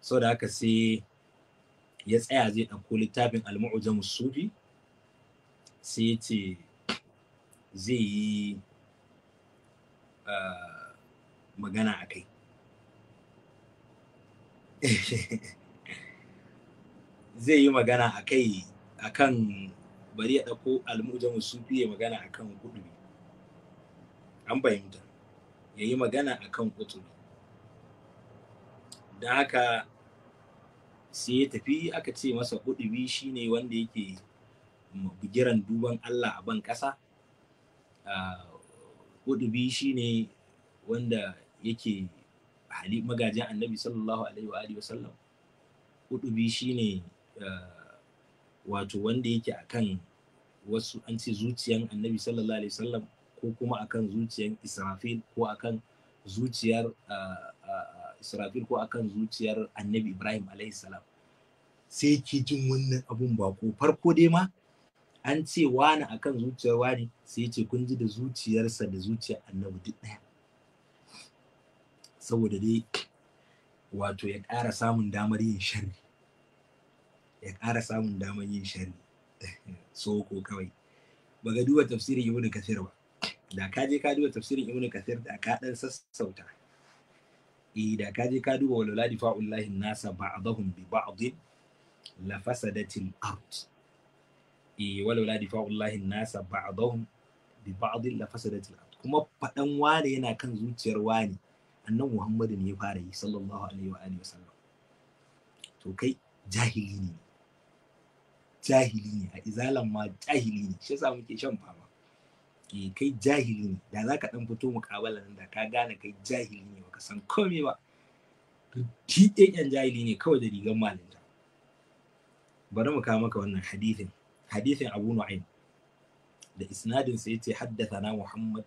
Speaker 2: sau da haka sai ya tsaya zai ɗauko littafin almu'ujamus sufi sai ya ce zai yi ah, magana a kai zai yi magana a kai a kan bari ya ɗauko almujamu sufi ya magana a kan kudubi an fahimta ya yi magana a kan kuturi da haka sai ya tafi aka ce masa kudubi shine wanda yake bugiran duban Allah a ban ƙasa kudubi shine wanda yake magajin annabi sallallahu alaihi wa sallam kudubi shine wato wanda yake akan wasu an ce zuciyan annabi sallallahu alaihi wasallam ko kuma akan zuciyar israfil ko akan zuciyar israfil ko akan zuciyar annabi ibrahim alaihi salam sai ki jin wannan abun ko farko dai ma an ce wani akan zuciyar wani sai ce kun ji da zuciyarsa da zuciyar annabi duk ɗaya saboda dai wato ya ƙara samun damar yin sharri ya ƙara samun damar yin sharri so ko kawai ba ga duba tafsirin da kasir ba da ka je ka duba tafsirin ibnu kathir da ka dan sassauta E da ka je ka duba walala difa'ullahi nasa ba'dahum bi ba'd la fasadatil ard e, nasa ba'dahum bi ba'd la fasadatil ard kuma fadan wane yana kan zuciyar wane annabi Muhammadu ne ya fara yi sallallahu alaihi wa alihi wasallam to kai jahili ne jahili ne a izalan ma jahili ne shi yasa muke shan fama haske kai jahili ne da za ka ɗan fito mukabala nan da ka gane kai jahili ne baka san komai ba shi yan jahili ne kawai da rigar malinta bari mu kawo maka wannan hadithin hadithin abu nu'aym da isnadin sa yace haddathana muhammad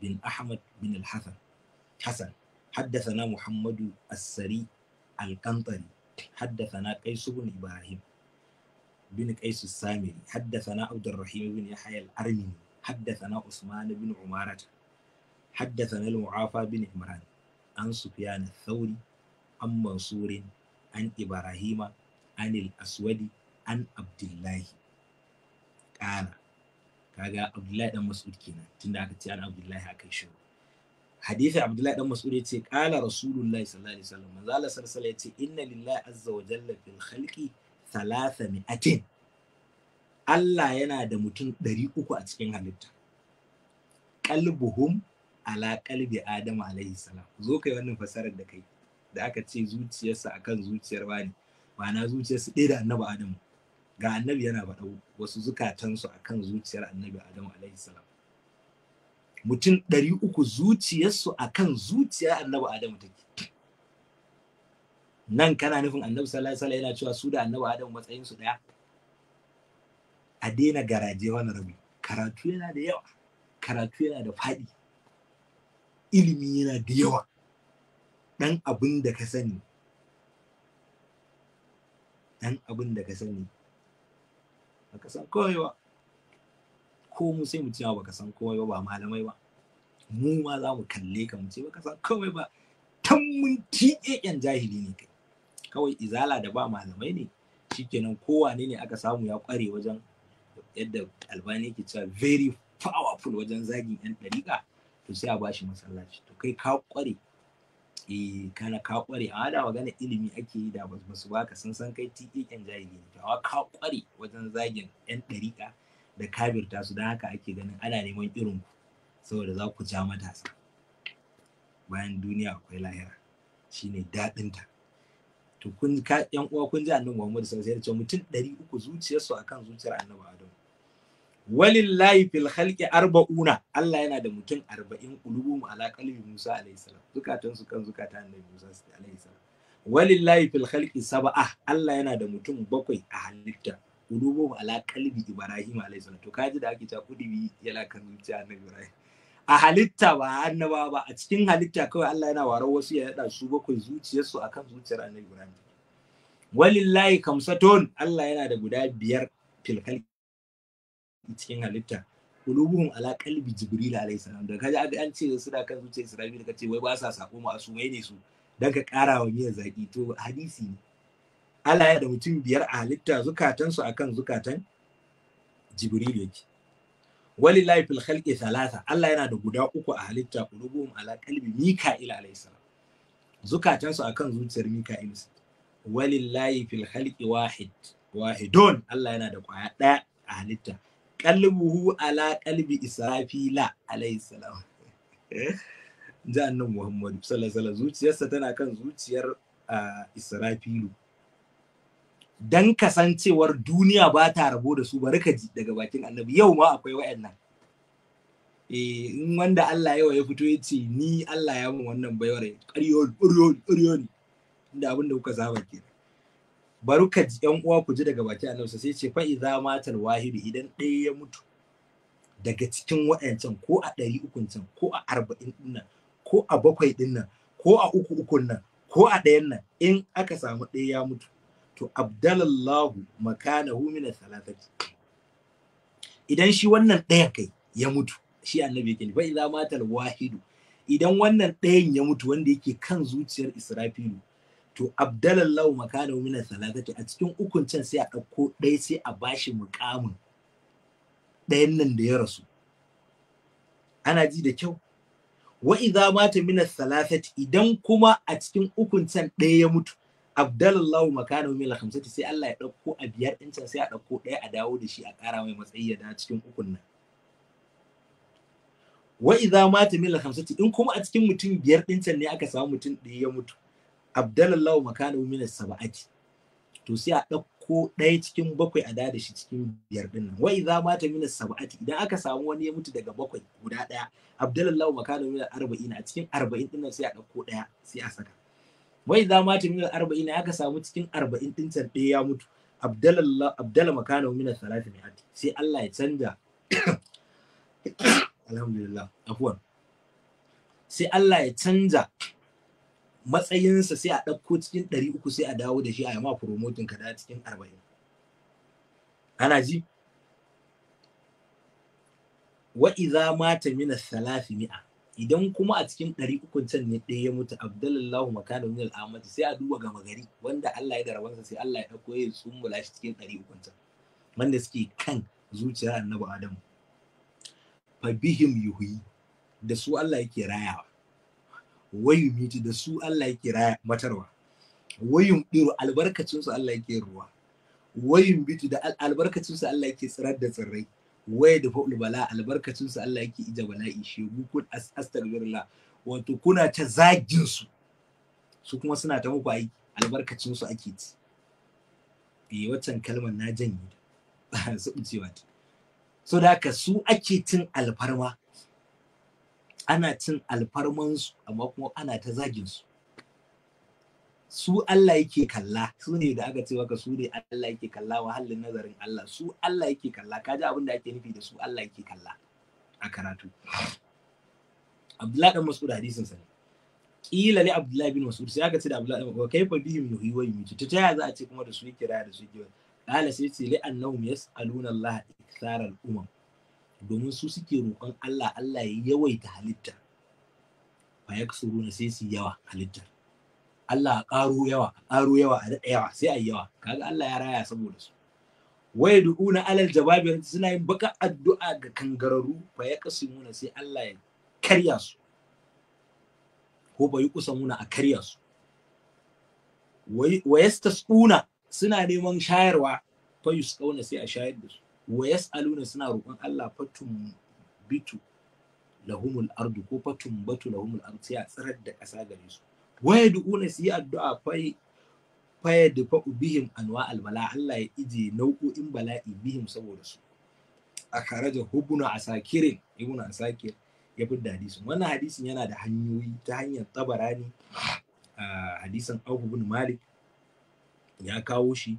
Speaker 2: bin ahmad bin al-hasan hasan haddathana muhammadu as-sari al-qantari haddathana qais ibn ibrahim bin قيس السامري حدثنا عبد الرحيم bin يحيى al حدثنا عثمان بن عمارة حدثنا المعافى بن عمران عن سفيان Sauri, عن منصور عن إبراهيم عن الأسود عن عبد الله قال kaga Abdullahi dan Mas'ud kenan tunda aka ce an Abdullahi aka yi shiru hadisi Abdullahi dan Mas'ud yace qala Rasulullahi sallallahu alaihi wasallam manzo Allah sallallahu alaihi inna lillahi azza wa jalla fil khalqi thalatha mi'atin Allah yana da mutum ɗari uku a cikin halitta kalbuhum ala kalbi Adamu alaihi salam zo kai wannan fasarar da kai da aka ce zuciyarsa akan zuciyar wani ma'ana zuciyarsa ɗaya da annabi Adamu ga annabi yana faɗa wasu zukatansu akan zuciyar annabi Adamu alaihi salam mutum ɗari uku zuciyarsu akan zuciyar annabi Adamu take nan kana nufin annabi sallallahu alaihi wasallam yana cewa su da annabi Adamu matsayinsu ɗaya a daina garaje wani rabi. karatu yana da yawa karatu yana da faɗi ilimi yana da yawa ɗan abin da ka sani ɗan abin da ka sani ba ka san kawai ba ko mu sai mu ce ba ka san kawai ba malamai ba mu ma za mu kalle ka mu ce ba ka san kawai ba tan mun tiƙe yan jahili ne kai kawai izala da ba malamai ne shikenan kowane ne aka samu ya ƙware wajen yadda albani ke cewa very powerful wajen zagin yan ɗariƙa to sai a bashi masallaci to kai ka ƙware eh kana ka ƙware a da magana ilimi ake yi da ba baka sun san kai tiƙiƙen jahili ne to ka ƙware wajen zagin yan ɗariƙa da kabirta su don haka ake ganin ana neman irin ku saboda za ku ja matasa bayan duniya akwai lahira shine daɗinta to kun ka yan uwa kun ji annabi Muhammad sallallahu alaihi wasallam mutum 300 zuciyarsu akan zuciyar annabi Adam walillahi fil khalqi arba'una Allah yana da mutum 40 ulubu mu ala qalbi Musa alayhi salam zukatan su kan zukata annabi Musa alayhi salam walillahi fil khalqi sab'a Allah yana da mutum bakwai a halitta ulubu mu ala qalbi Ibrahim alayhi salam to kaji da ake ta kudubi yana kan zuciya annabi Ibrahim a halitta ba annaba ba a cikin halitta kawai Allah yana warar wasu ya yada su bakwai zuciyarsu akan zuciyar annabi Ibrahim walillahi kamsatun Allah yana da guda biyar fil khalqi cikin halitta qulubuhum ala qalbi jibril alayhi salam da kaji an ce su da kan zuciya isra'ila da kace wai ba sa sako ma Wai ne su dan ka kara wa miyar zaki to hadisi ne Allah ya da mutum biyar a halitta zukatan su akan zukatan jibril yake walillahi laifin khalqi thalatha Allah yana da guda uku a halitta qulubuhum ala qalbi mika'il alayhi salam zukatan su akan zuciyar mika'il walillahi fil khalqi wahid wahidun Allah yana da kwaya daya a halitta kalbuhu ala kalbi israfila alayhi salam eh? ji annan muhammadu sallallahu alaihi zuciyarsa tana kan zuciyar israfilu dan kasancewar duniya ba ta rabo da su bari ji daga bakin annabi yau ma akwai wayannan eh in wanda Allah yawa ya fito ya ce ni Allah ya mun wannan baiwar ƙaryo ƙaryo ƙaryo ne inda abin da kuka zaba kenan baruka yan uwa ku ji daga baki annabi sai ce fa idza matal wahidu idan ɗaya ya mutu daga cikin waɗancan ko a ɗari ukun can ko a arba'in din nan ko a bakwai din nan ko a uku ukun nan ko a ɗayan nan in aka samu ɗaya ya mutu to abdalallahu makanahu min salatati idan shi wannan daya kai ya mutu shi annabi yake fa idza matal wahidu idan wannan ɗayan ya mutu wanda yake kan zuciyar israfilu to abdalallahu makanahu min salatati a cikin ukun can sai a ɗauko ɗaya sai a bashi mukamin ɗayan nan da ya rasu ana ji da kyau wa idza mata min salatati idan kuma a cikin ukun can ɗaya ya mutu abdalallahu makanahu min khamsati sai Allah ya ɗauko a biyar ɗin can sai a ɗauko ɗaya a dawo da shi a ƙara mai matsayi ya da cikin ukun nan wa idza mata min khamsati in kuma a cikin mutum biyar ɗin can ne aka samu mutum ɗaya ya mutu abdalallahu makanu min sab'ati to sai a ɗauko ɗaya cikin bakwai a dada shi cikin biyar din nan za idza mata min sab'ati idan aka samu wani ya mutu daga bakwai guda ɗaya abdalallahu makanu min arba'in a cikin arba'in din nan sai a ɗauko ɗaya sai a saka za idza mata min arba'ina aka samu cikin arba'in din can ɗaya ya mutu abdalallahu abdala makanu min salati sai Allah ya canja alhamdulillah afwan sai Allah ya canja matsayinsa sai a ɗauko cikin ɗari uku sai a dawo da shi a yama promotin ka da cikin arba'in ana ji wa idza mata mina salasi mi'a idan kuma a cikin ɗari ukun can ne ɗaya ya mutu abdallahu makana min al'amati sai a duba gama gari wanda Allah ya da sai Allah ya ɗauko ya tsumbula shi cikin ɗari uku can wanda suke kan zuciyar annabi Adamu fa bihim yuhi da su Allah yake rayawa wayu miti da su Allah yake raya matarwa wayun ɗiro albarkacin su Allah yake ruwa wayun bitu da albarkacin su Allah yake tsirar da tsirrai waye da fa'ul bala albarkacin su Allah yake ija bala'i shegu kun astagfirullah wato kuna ta zagin su su kuma suna ta muku ai albarkacin su ake ci eh waccan kalmar na janye su cewa so da haka su ake cin alfarma ana cin alfarmansu amma kuma ana ta zagin su su Allah yake kalla su ne da aka ce maka su ne Allah yake kalla wahallin nazarin Allah su Allah yake kalla Ka ji abin da ake nufi da su Allah yake kalla a karatu Abdullahi dan Mas'ud hadisin sa ne kila ne Abdullahi bin Mas'ud sai aka ce da Abdullahi wa kaifa bihim yuhi wa yumitu ta ta za a ce kuma da su kira da su yake kala sai ce li annahum yas'aluna Allah iktharal umam domin su suke roƙon Allah Allah ya yawaita halitta fa yaksuru na sai su yawa halitta Allah a ƙaro yawa a ƙaro yawa a daɗa yawa sai a yi yawa kaga Allah ya raya saboda su wai na alal jababir suna yin baka addu'a ga kangararru fa na sai Allah ya karya su ko ba yi kusa muna a karya su wa yastasquna suna neman shayarwa fa yusqauna sai a shayar da su wa yas'aluna suna roƙon Allah fatum bitu lahumul ardu ko fatum batu lahumul ardu sai a tsirar da ƙasa gare su waya du'una su yi addu'a fai faya da fa'u bihim anwa albala Allah ya ije nau'o'in bala'i bihim saboda su a karaja hubuna asakirin ibnu asakir ya fi da hadisin wannan hadisin yana da hanyoyi ta hanyar tabarani hadisin Abu bin Malik ya kawo shi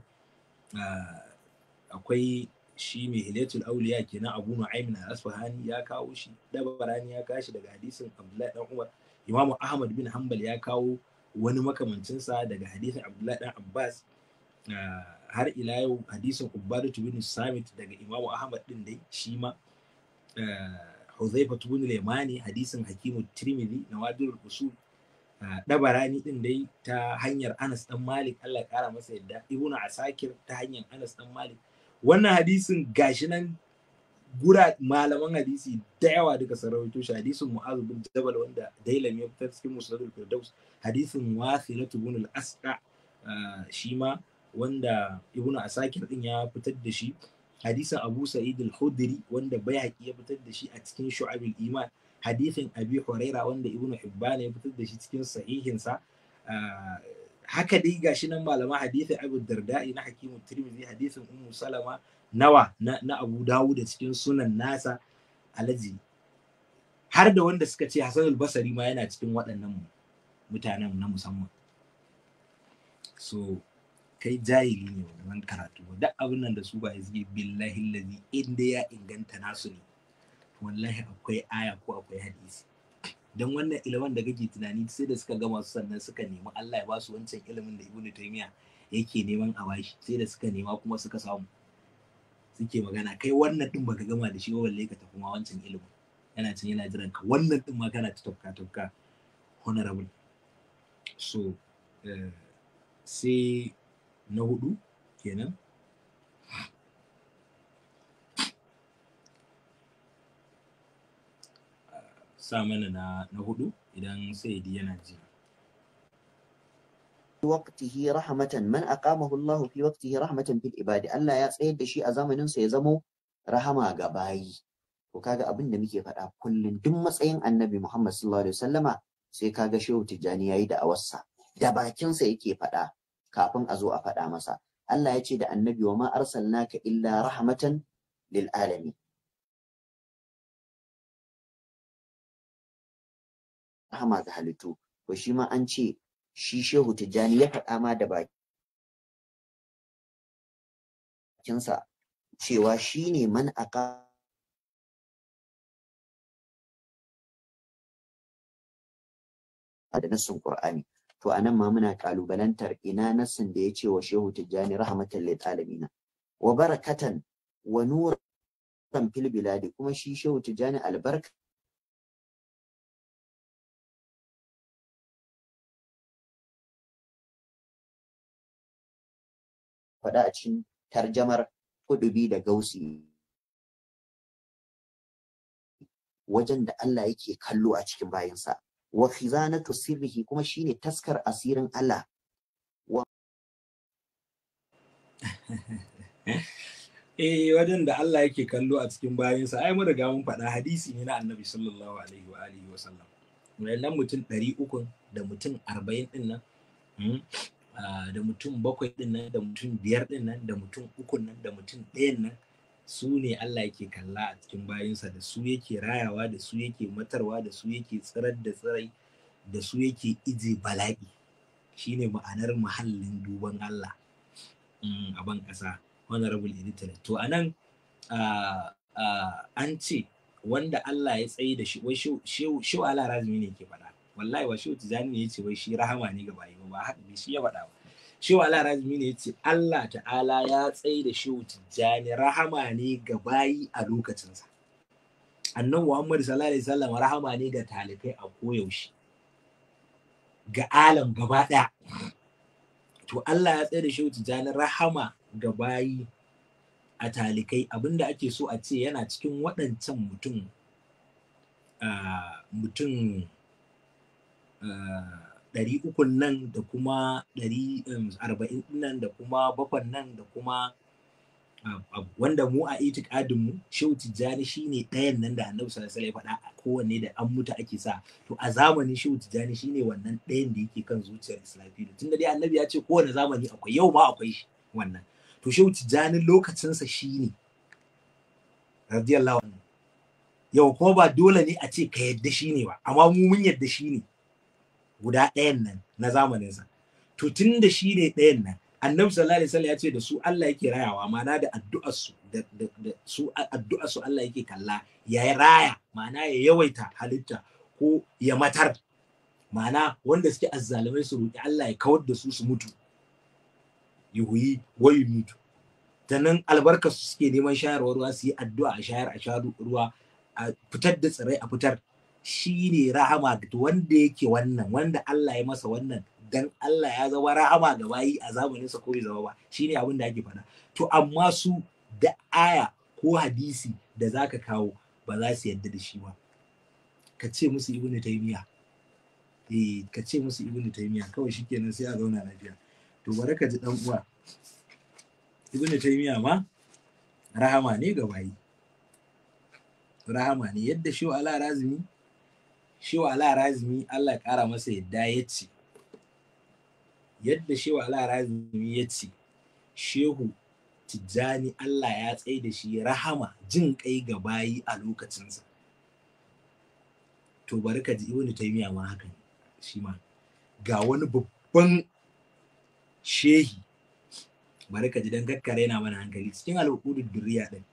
Speaker 2: akwai shi mai hilatul auliya kenan abu nu'aym na asfahani ya kawo shi dabarani ya kashi daga hadisin abdullahi dan umar imamu ahmad bin hanbal ya kawo wani makamancinsa daga hadisin abdullahi dan abbas ah, har ila yau hadisin ubbadu bin samit daga imamu ahmad din dai shi ma ah, huzaifa bin lemani hadisin hakimu tirmidhi na wadirul usul ah, dabarani din dai ta hanyar anas dan malik allah kara masa yadda ibuna a asakir ta hanyar anas dan malik wannan hadisin gashi nan gura malaman hadisi da yawa duka sarautoshi. shi hadisin mu'azu bin jabal wanda dailam ya fitar cikin musnadul firdaus hadisin wasilatu bin al-asqa ah, shi ma wanda ibnu asakir din ya fitar da shi hadisin abu sa'id al-khudri wanda bayhaqi ya fitar da shi a cikin shu'abil iman hadisin abi huraira wanda ibnu hibban ya fitar da shi cikin sahihinsa ah, haka dai gashi nan Malama hadithin abu darda'i na hakimu tirmidhi hadithin ummu salama nawa na, na abu Dawud da cikin sunan nasa alaji har da wanda suka ce hasan basari ma yana cikin waɗannan mutanen na musamman so kai jahili ne wannan karatu duk abin nan da su ba yake billahi lazi inda ya inganta nasu ne wallahi akwai aya ko akwai hadisi dan wannan ilimin da kake tunani sai da suka gama su sannan suka nemi Allah ya ba su wancan ilimin da Ibn Taymiya yake neman a bashi sai da suka nema kuma suka samu suke magana kai wannan din baka gama da shi ba balle ka tafi ma wancan ilimin yana cin yana jiran ka wannan din ma kana ta tafka tafka honorable so eh, sai na hudu kenan sa mana na, na hudu idan saidi yana ji. waqtihi rahmatan
Speaker 3: man aqamahu Allah fi waqtihi rahmatan fil ibadi Allah ya tsayar da shi a zamanin sa ya zamo rahama ga bayi to kaga abin da muke faɗa kullun duk matsayin Annabi Muhammad sallallahu alaihi wasallama sai kaga Shehu Tijjani yayi da awarsa da bakin sa yake faɗa kafin a zo a faɗa masa Allah ya ce da Annabi wa ma arsalnaka illa rahmatan lil alamin rahama ga halittu to shi ma an ce shi shehu tijjani ya faɗa ma da bakinsa cewa shi ne man aka da nassin Qur'ani to anan ma muna kalubalantar ina nassin da ya ce wa shehu tijjani rahmatan lil alamin wa barakatan wa nuran fil biladi kuma shi shehu tijjani albarka faɗa a cikin tarjamar kudubi da gausi wajen da Allah yake kallo a cikin bayansa wa khizanatu sirrihi kuma shine taskar asirin Allah
Speaker 2: eh wajen da Allah yake kallo a cikin bayansa ai mu riga mun faɗa hadisi ne na Annabi sallallahu alaihi wa alihi wa sallam wannan mutum 300 da mutum 40 din nan hmm? Ah, da mutum bakwai din nan da mutum biyar din nan da mutum ukun nan da mutum ɗayan nan su ne Allah yake kalla a cikin bayansa da su yake rayawa da su yake matarwa da su yake tsirar da tsirai da su yake ije bala'i shine ma'anar muhallin duban Allah mm, a ban ƙasa honorable editor to a nan ah, ah, an ce wanda Allah ya tsaye da shi wai wa Allah razumi ne ke faɗa wallahi wa shehu tijani ne yace wai shi rahama ne ga bayi ba haka ne shi ya faɗa ba wa Allah razumi ne yace Allah ta'ala ya tsaye da shehu tijani rahama ne ga bayi a lokacinsa annan Muhammad sallallahu alaihi wasallam rahama ne ga talibai a koyaushe ga alam gaba ɗaya to Allah ya tsaye da shehu tijani rahama ga bayi a talikai abinda ake so a ce yana cikin waɗancan mutum ah, mutum ɗari ukun nan da kuma ɗari um, arba'in nan da kuma bakwan nan da kuma um, wanda mu a itikadin mu shehu tijjani shine ɗayan nan da annabi sallallahu alaihi wasallam ya faɗa kowanne da an mutu ake sa to a zamanin shehu tijjani shine wannan ɗayan da yake kan zuciyar islamiyyun tunda dai annabi ya ce kowane zamani akwai yau ma akwai wannan to shehu tijjani lokacinsa shine radiyallahu anhu yau kuma ba dole ne a ce ka yadda shine ba amma mu mun yadda shine ne guda ɗayan nan na zamaninsa to tun da shi ne ɗayan nan annabi sallallahu alaihi ya ce da su Allah yake rayawa ma'ana da addu'ar su da, su addu'ar Allah yake kalla ya raya ma'ana ya yawaita halitta ko ya matar ma'ana wanda suke azzalumai su roƙi Allah ya kawar da su su mutu yuhuyi wai mutu ta nan albarkar su suke neman shayarwa ruwa su yi addu'a a shayar a sha ruwa a fitar da tsirai a fitar shi ne rahama wanda yake wannan wanda Allah ya masa wannan dan Allah ya zama rahama ga bayi a zamaninsa ko bai zama ba shi ne abin da ake faɗa to amma su da aya ko hadisi da zaka kawo ba za su yadda da shi ba ka ce musu ibn taymiya eh ka ce musu ibn taymiya kawai shikenan sai a zauna lafiya to bari ka ji dan uwa ibn taymiya ma rahama ne ga bayi rahama ne yadda shi Allah razumi shewa ala razumi Allah ya kara masa yadda ya ce yadda shewa ala razumi ya ce shehu tijjani Allah ya tsai da shi rahama jin kai ga bayi a lokacinsa to bari ka ji ibnu taymiya ma haka shi ma ga wani babban shehi bari ka ji dan kakkare yana mana hankali cikin al'ukudu duriya din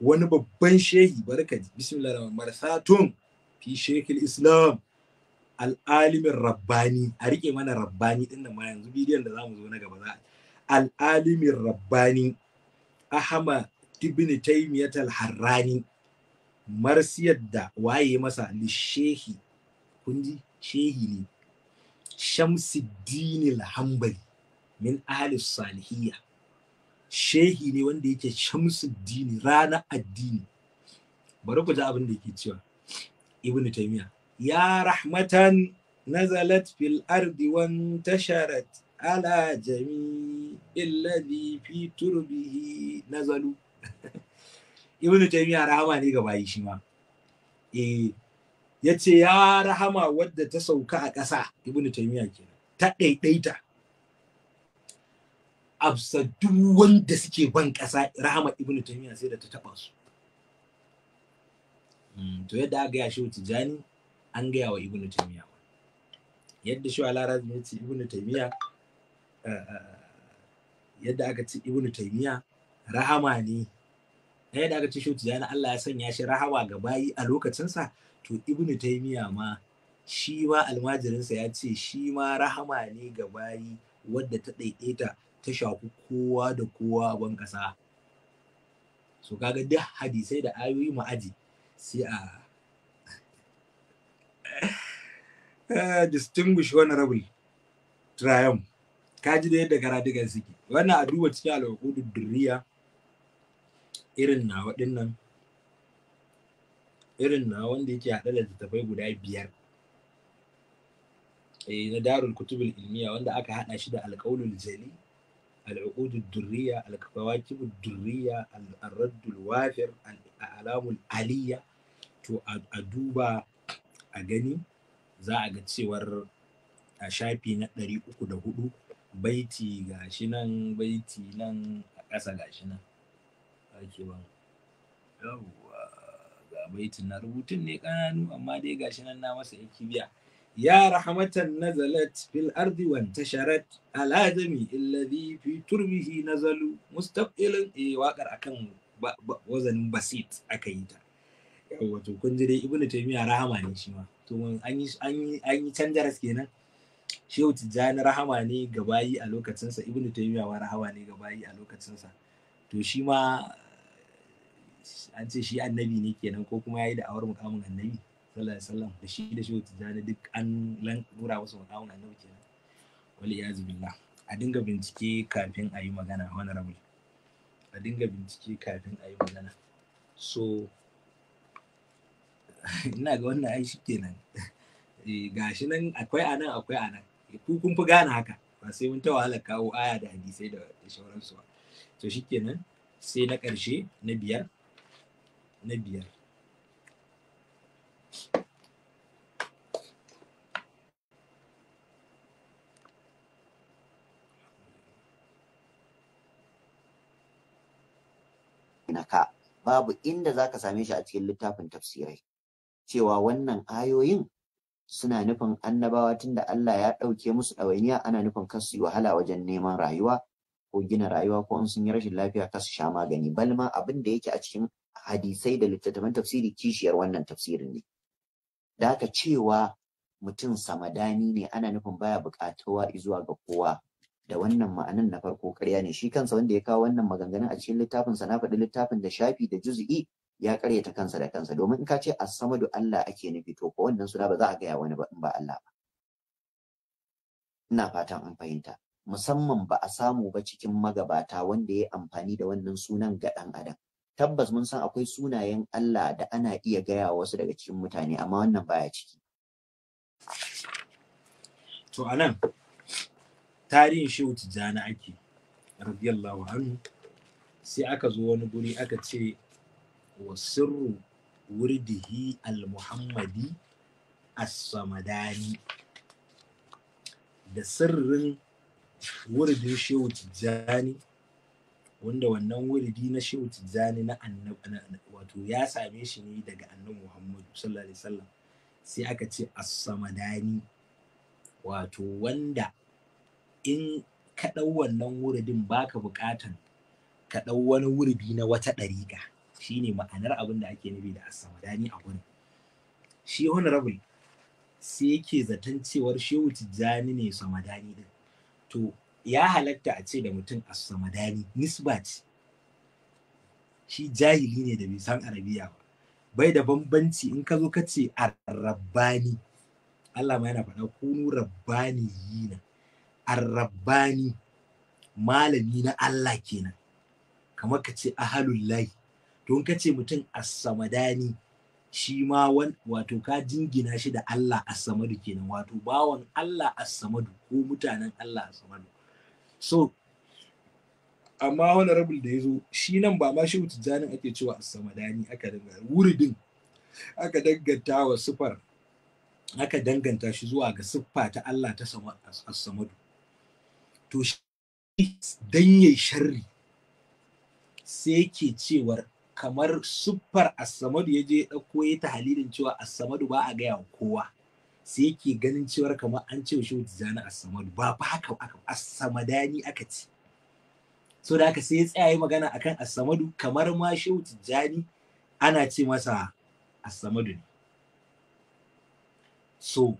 Speaker 2: wani babban shehi bari ka ji bismillahir rahmanir rahim fi shekil islam al'alimin rabbani a rike mana rabbani din nan ma yanzu bidiyon da zamu zo na gaba za al'alimin rabbani ahama ibn taymiyat al-harrani marsiyar da waye masa shehi. Kun ji? shehi ne shamsuddin al min ahli salihiyya shehi ne wanda yake shamsuddin rana addini bari ku ji abin da yake cewa ibn taymiya ya rahmatan nazalat fil ardi wan tasharat ala jami'il ladhi fi turbihi nazalu ibn taymiya rahama ne ga bayi shi ma eh yace ya rahama wadda ta sauka a ƙasa ibn taymiya kenan ta ɗaiɗaita absa duk wanda suke ban ƙasa rahama ibnu taymiya sai da ta taba su Mm, to yadda aka gaya shehu tijjani an gaya wa ibnu taymiya yadda shi shehu alarazmi ya ce ibnu taymiya eh, eh, eh, yadda aka ce ibnu taymiya rahama ne na yadda aka ce shehu tijjani Allah ya sanya shi rahama ga bayi a lokacinsa to ibnu taymiya ma shi ma almajirinsa ya ce shi ma rahama ne ga bayi wadda ta ɗaiɗaita ta shafi kowa da kowa a ban ƙasa so kaga duk hadisai da ayoyi ma'aji sai a eh, distinguish honorable ka kaji da yadda karatukan suke wannan a duba cikin alwakudu duriya irin na waɗannan irin na wanda yake haɗe da tafai guda biyar eh, na darul kutubul ilmiya wanda aka haɗa shi da alƙaulul jali al'uqudud durriya al-kawakibud durriya al-raddul wafir al alamun Aliyya, to a duba a gani za a ga cewar a shafi na 304 baiti gashi nan baiti nan a ƙasa gashi nan ga baitin na rubutun ne ƙananu amma dai gashinan nan na masa yake biya ya rahmatan nazalat fil ardi wa tasharat al azami alladhi fi turbihi nazalu mustaqilan e eh, waƙar akan wazanin basit aka yi ta wato kun ji dai ibnu taymiya rahama ne shi ma to an yi an yi an yi canjaras kenan shehu tijjani rahama ne ga bayi a lokacinsa ibnu taymiya wa rahama ne ga bayi a lokacinsa to shi ma an ce shi annabi ne kenan ko kuma yayi awar mukamin annabi sallallahu alaihi wasallam da shi da shehu tijjani duk an lan dora musu mukamin annabi kenan wal iyaz billah a dinga bincike kafin a yi magana honorable a dinga bincike kafin a yi magana so ina ga wannan ai shi kenan eh, gashi nan akwai anan akwai anan ku kun fi gane haka ba sai mun ta wahala kawo aya da hadisai da sauransu ba to kenan sai na ƙarshe na biyar na biyar
Speaker 3: ka babu inda za ka same shi a cikin littafin tafsirai cewa wannan ayoyin suna nufin annabawa tunda Allah ya ɗauke musu ɗawainiya ana nufin kasu yi wahala wajen neman rayuwa ko gina rayuwa ko in sun yi rashin lafiya kasu sha magani Balma ma abin da yake a cikin hadisai da littattafan tafsiri kishiyar wannan tafsirin ne da aka cewa mutum samadani ne ana nufin baya buƙatuwa zuwa ga kowa da wannan ma'anan na farko ƙarya ne shi kansa wanda ya kawo wannan maganganun a cikin littafin sa na faɗi littafin da shafi da juz'i ya ƙaryata kansa da kansa domin in ka ce as-samadu Allah ake nufi to ko wannan suna ba za a gaya wani ba in ba Allah ba ina fatan an fahimta musamman ba a samu ba cikin magabata wanda ya amfani da wannan sunan ga ɗan adam tabbas mun san akwai sunayen Allah da ana iya gaya wasu daga cikin mutane amma wannan baya ciki
Speaker 2: to anan tarihin shehu tijjani ake radiyallahu anhu sai aka zo wani guri aka ce wa sirru wurdihi al-muhammadi as-samadani da sirrin wuridin shehu tijjani wanda wannan wurdi na shehu tijjani na wato ya same shi ne daga annabi muhammadu sallallahu alaihi wasallam sai aka ce as-samadani wato wanda in ka ɗau wannan wuridin baka buƙatan ka ɗau wani wuridi na wata ɗariƙa shine ma'anar abin da ake nufi da asamadani a wurin shi honorable sai yake zaton cewar shehu tijjani ne samadani din to ya halatta a ce da mutum a samadani shi jahili ne da bai san arabiya ba bai da bambanci in ka zo ka ce a rabbani Allah ma yana faɗa kunu rabbani na. arrabbani malami na Allah kenan kamar ka ce ahalullahi to in ka ce mutum assamadani shi ma wato ka jingina shi da Allah assamadu kenan wato bawan Allah assamadu ko mutanen Allah assamadu so amma rabul da ya zo shi nan ba ma shi tijjanin ake cewa assamadani aka danganta wuridin aka danganta wa sifar aka danganta shi zuwa ga siffa ta Allah ta samadu to shi dan yayi sharri sai yake cewa kamar siffar asamadu ya je ɗauko ya ta halilin cewa asamadu ba a gaya wa kowa sai yake ganin cewar kamar an ce shi zana asamadu ba ba haka aka asamadani aka ce so da haka sai ya tsaya yi magana akan asamadu kamar ma shehu tijjani ana ce masa asamadu ne so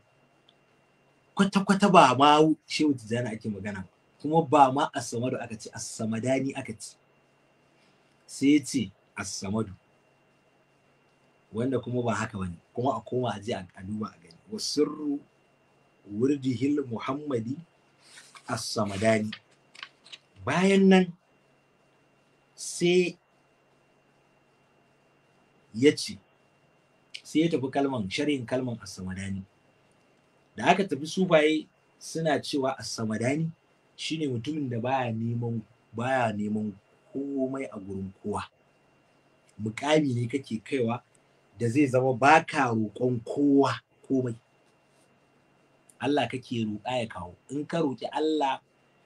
Speaker 2: kwata-kwata ba ma shehu ake magana ba kuma ba ma asamadu aka ce asamadani aka ce sai ce asamadu wanda kuma ba haka bane kuma a koma a je a duba a gani wasirru wurdihil muhammadi asamadani bayan nan sai ya ce sai ya tafi kalman sharhin kalman asamadani da aka tafi su sufaye suna cewa asamadani shine mutumin da baya neman baya neman komai a gurin kowa mukami ne kake kaiwa da zai zama baka roƙon kowa komai Allah kake roƙa ya kawo in ka roƙi Allah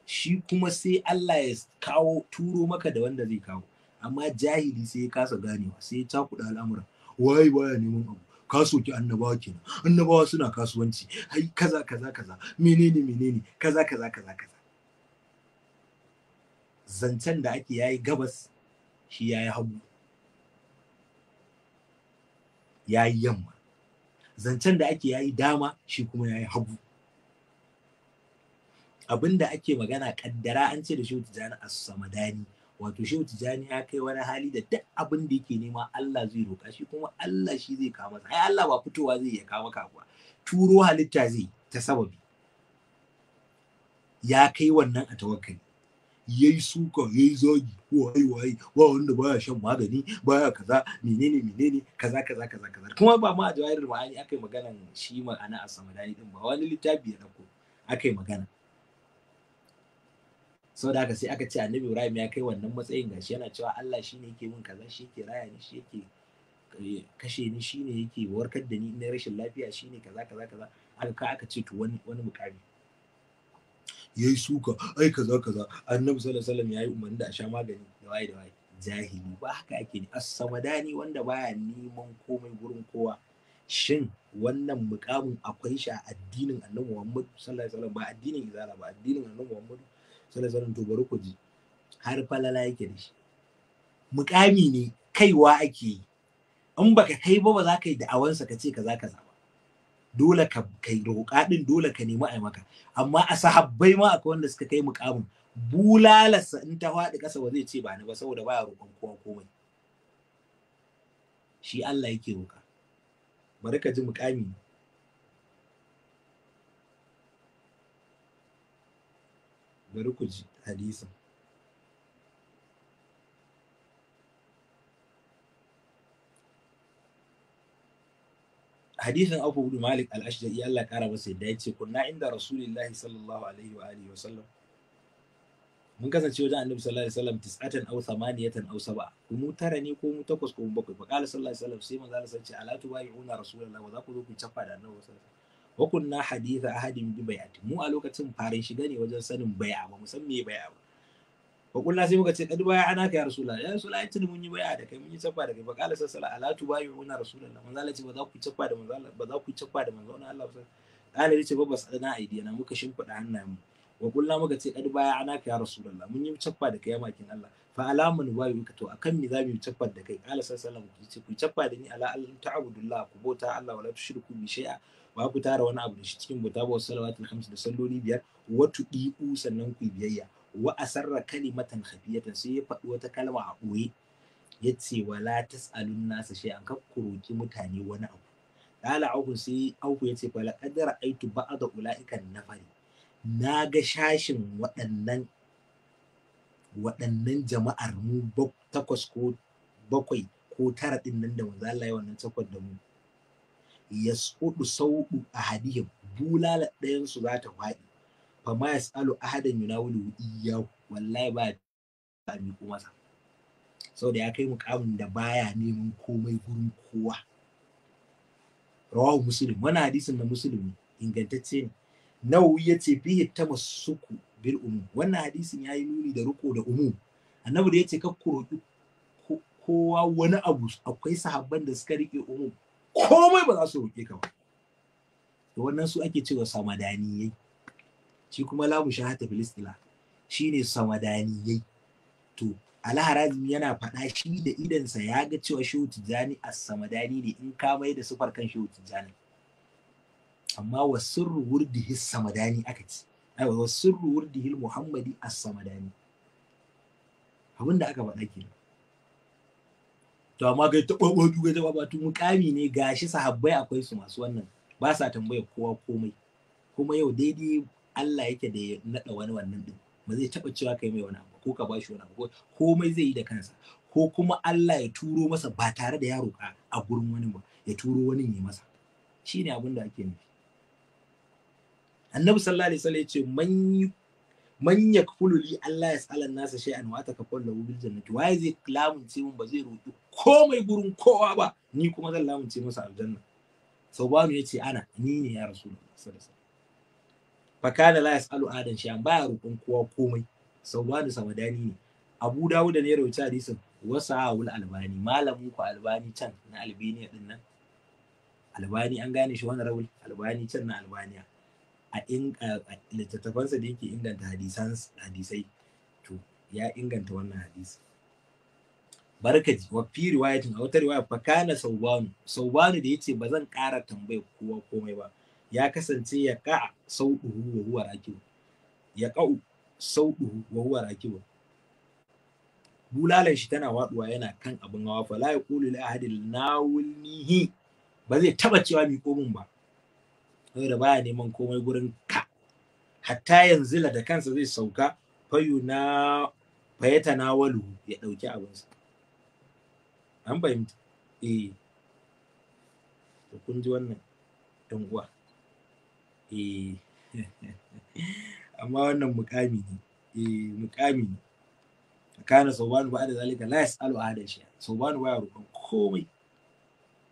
Speaker 2: shi kuma sai Allah ya kawo turo maka da wanda zai kawo amma jahili sai ya kasa ganewa sai ya cakuɗa al'amura. waye baya neman abu ka soki annabawa kenan annabawa suna kasuwanci ai kaza kaza kaza menene menene kaza kaza kaza zancen da ake yayi gabas shi yayi hagu yayi yamma zancen da ake yayi dama shi kuma yayi hagu abinda ake magana kaddara an ce da shehu tijani a samadani wato shehu tijani ya kai wani hali da duk abin da yake nema Allah zai roka shi kuma Allah shi zai kama sa ai Allah ba fitowa zai ya kama ka ba turo halitta zai ta sababi ya kai wannan a tawakkali yayi suka yayi zagi waye waye wa wanda baya shan magani baya kaza menene menene kaza kaza kaza kaza kuma ba ma jawahirul ma'ani akai magana shi ana a samadani din ba wani littafi ya dauko akai magana saboda haka sai aka ce annabi ibrahim ya kai wannan matsayin gashi yana cewa Allah shine yake min kaza shi yake raya ni shi yake eh, kashe ni shine yake warkar da ni na rashin lafiya shine kaza kaza kaza aka aka ce to wani wani mukami yi suka ai kaza kaza annabi sallallahu alaihi wasallam yi umarni da a sha magani da waye da waye jahili ba haka ake ne as-samadani wanda baya neman komai gurin kowa shin wannan mukamin akwai shi a addinin annabi Muhammad sallallahu alaihi wasallam ba addinin izala ba addinin annabi Muhammad sallallahu alaihi wasallam to bari ku ji har falala yake da shi mukami ne kaiwa ake yi in baka kai ba ba za ka yi da'awansa ka ce kaza kaza dole ka kai roƙa din dole ka nemi ai maka amma a sahabbai ma akwai wanda suka kai mukamin bulalarsa in ta faɗi ƙasa ba zai ce ba ni ba saboda baya roƙon kowa komai shi Allah yake roƙa bari ka ji mukami bari ku ji hadisin hadisin Abu Hudu Malik al-Ashja'i Allah kara masa yadda ya ce kunna inda Rasulullahi sallallahu alaihi wa alihi wa sallam mun kasance wajen Annabi sallallahu alaihi wasallam tis'atan aw thamaniyatan aw sab'a ku mu tara ne ko mu takwas ko mu bakwai fa qala sallallahu alaihi wasallam sai manzo Allah sace ala tubayuna Rasulullahi wa za ku zo ku chafa da Annabi sallallahu alaihi wasallam wa kunna haditha ahadin bi bay'ati mu a lokacin farin shiga ne wajen sanin baya ba mu san me baya ba wa sai muka ce kad baya ana ka ya rasula ya rasulullah ai tuni mun yi baya da kai mun yi chaffa da kai fa qala sallallahu alaihi wasallam alatu muna rasulullah manzo Allah ce ba za ku chaffa da manzo Allah ba za ku chaffa da manzo Allah ba qala ce ba bas ana na aidiyana muka shimfida hannayen mu wa muka ce kad baya ana ka ya rasulullah mun yi chaffa da kai makin Allah fa alamun bayu ka to akan me za mu yi chaffa da kai kala sallallahu alaihi wasallam ku chaffa da ni ala an ta'budullah ku bota Allah wala tushriku bi shay'a ba ku tara wani abu da shi cikin bota ba salawatul khams da salloli biyar wa tudiu sannan ku biyayya wa asarra kalimatan khafiyatan sai ya faɗi wata kalma a ɓoye ya ce wa la tas'alun nasa shi an kakkuroki mutane wani abu Lala auku sai auku ya ce fa laqad ra'aytu ba'da ulaika nafari na ga shashin waɗannan waɗannan jama'ar mu takwas ko bakwai ko tara ɗin nan da manzo Allah ya wannan takwas da mu yasqudu saudu ahadihim bulala ɗayan su za ta faɗi fa ma yasalu ahadan yunawilu iyyahu wallahi ba kuma miƙo Sau saboda ya kai mukamin da baya neman komai gurin kowa rawahu muslim wani hadisin na muslim ingantacce ne nawawi ya ce fihi ku bil umu wannan hadisin ya yi nuni da riko da umu annabi da ya ce kakku roƙi kowa wani abu akwai sahabban da suka riƙe umu. komai ba za su roƙe ka ba to wannan su ake cewa samadaniyai shi kuma la mushahata bil istila shine samadaniyai to alharazmi yana faɗa shi da idansa ya ga cewa shehu tijjani a samadani ne in ka mai da sufar kan shehu tijjani amma wa sirru wurdihi samadani aka ci aiwa wa sirru wurdihi muhammadi a samadani abin da aka faɗa kenan to amma kai ta ɓaɓɓa duka ta ɓaɓɓa mukami ne gashi sahabbai akwai su masu wannan ba sa tambayar kowa komai kuma yau daidai Allah yake da ya naɗa wani wannan din ba zai taɓa cewa kai mai wani abu ko ka bashi wani abu komai zai yi da kansa ko kuma Allah ya turo masa ba tare da yaro ka a gurin wani ba ya turo wani ya masa shine abin da ake nufi annabi sallallahu alaihi wasallam ya ce man man li Allah ya tsala nasa shi an wata ka kwallo bil jannati waye zai lamunce mun ba zai roki komai gurin kowa ba ni kuma zan lamunce masa aljanna sau ba mu ce ana ni ne ya rasulullah sallallahu alaihi wasallam fakana la yasalu adan shi baya roƙon kowa komai sauwanu samadani ne abu dawuda ne rawaita hadisin wasa awul albani malamin ku albani can na albaniya din nan albani an gane shi wani rawul albani can na albaniya a littattafansa da yake inganta hadisai to ya inganta wannan hadisi barkaji wa fi riwayatin a wata riwaya fa kana saubanu saubanu da yace ba zan tambayar kowa komai ba ya kasance ya ka sauɗuhu wa huwa rakibu ya wa huwa rakibu bulalan shi tana waduwa, yana kan abin hawa fa la yaqulu li ahadin nawnihi ba zai taba cewa mi komin ba saboda baya neman komai gurin ka hatta yanzu da kansa zai sauka fayuna fayata nawalu ya dauki abinsa an bayyana eh to kun ji wannan dan uwa Eh. amma wannan mukami ne eh mukami ne kana saubanu ba da zalika la yasalu ahadan shi saubanu baya roƙon komai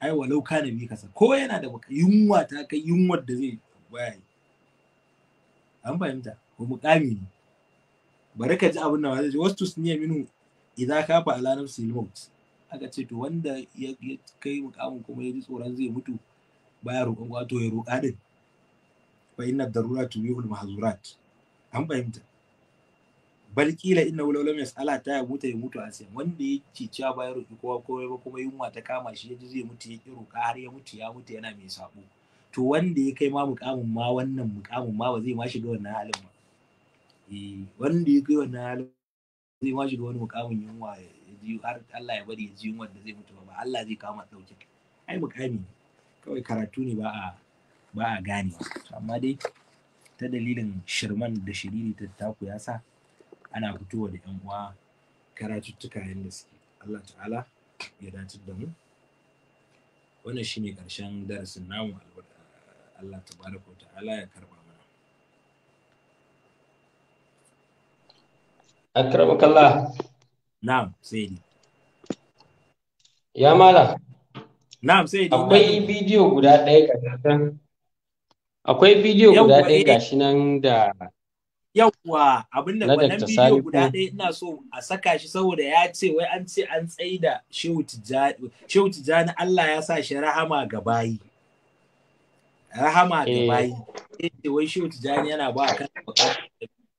Speaker 2: ai walau kana bi kasa ko yana da yunwa ta kai yunwar da zai baya yi an fahimta ko mukami ne bari ka ji abin nan zai wasu minu idan ka kafa ala nafsi al-maut aka ce to wanda ya kai mukamin kuma ya ji tsoron zai mutu baya roƙon wato ya roƙa din fa inna darura tubihul mahzurat an fahimta bal kila inna wala lam yas'ala ta ya mutu ya mutu a asiya wanda ya cica ba ya roki kowa komai ba kuma yunwa ta kama shi yaji zai mutu ya ki roka har ya mutu ya mutu yana mai sabo to wanda ya kai ma mukamin ma wannan mukamin ma ba zai ma shiga wannan halin ba eh wanda ya kai wannan halin zai ma shiga wani mukamin yunwa ya ji har Allah ya bari ya ji yunwa da zai mutu ba Allah zai kama dauke ai mukami kawai karatu ne ba a ba a gane amma dai ta dalilin shirman da shiriri ta taku ya sa ana fitowa da yan uwa karatuttuka yadda suke Allah ta'ala ya dace da mu wannan shine karshen darasin namu Allah tabaraka ta'ala ya karba mana akramakallah na'am sai ya mala
Speaker 1: na'am sai akwai bidiyo guda ɗaya ƙarshen Akwai bidiyo guda ɗaya eh. gashi nan da
Speaker 2: yawwa abin da wannan bidiyo guda ɗaya ina so a saka shi saboda ya ce wai an ce an da Shehu Tijjani Allah ya sa shi rahama ga bayi. Rahama ga eh. bayi. Ce wai Shehu Tijjani yana ba a kan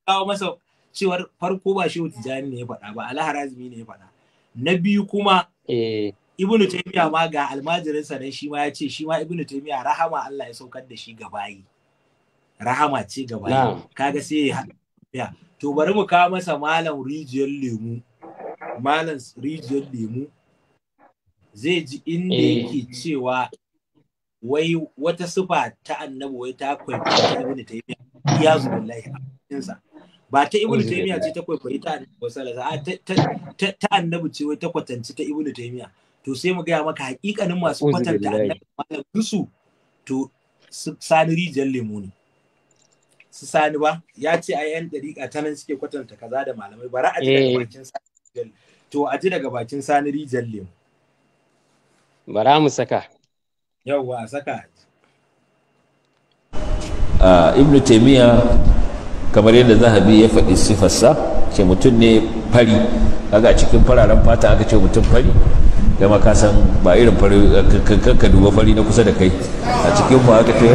Speaker 2: kawo masa cewar farko ba Shehu Tijjani ne ya faɗa ba Alharazmi ne ya faɗa. Na biyu kuma eh. ibnu taymiya ma ga almajirinsa dan shi ma ya ce shi ma ibnu taymiya rahama Allah ya saukar da shi ga bayi rahama ce ga bayi kaga sai ya to bari mu kawo masa malam rijiyar lemu malam rijiyar lemu zai ji inda eh. yake cewa wai wata sufa ta annabi wai ta kwaikwayi ibnu taymiya ya wallahi. a ba ta ibnu taymiya ce ta kwaikwayi ta annabi sallallahu alaihi wasallam ta annabi ce wai ta kwatanci ta ibnu taymiya to sai mu gaya maka hakikanin masu kwatanta Allah malamin su to sani rijiyar lemu ne su sani ba ya ce a yan dariƙa ta nan suke kwatanta kaza da malamai bara a ji daga eh. bakin sani to a ji daga bakin sani rijiyar lemu
Speaker 1: bara mu saka
Speaker 2: yawwa saka
Speaker 4: Uh, ibn taimiyya kamar yadda zahabi ya faɗi sifarsa ce mutum ne fari kaga cikin fararen fata aka ce mutum fari dama ka san ba irin fari ka duba fari na kusa da kai a cikin mu haka tewa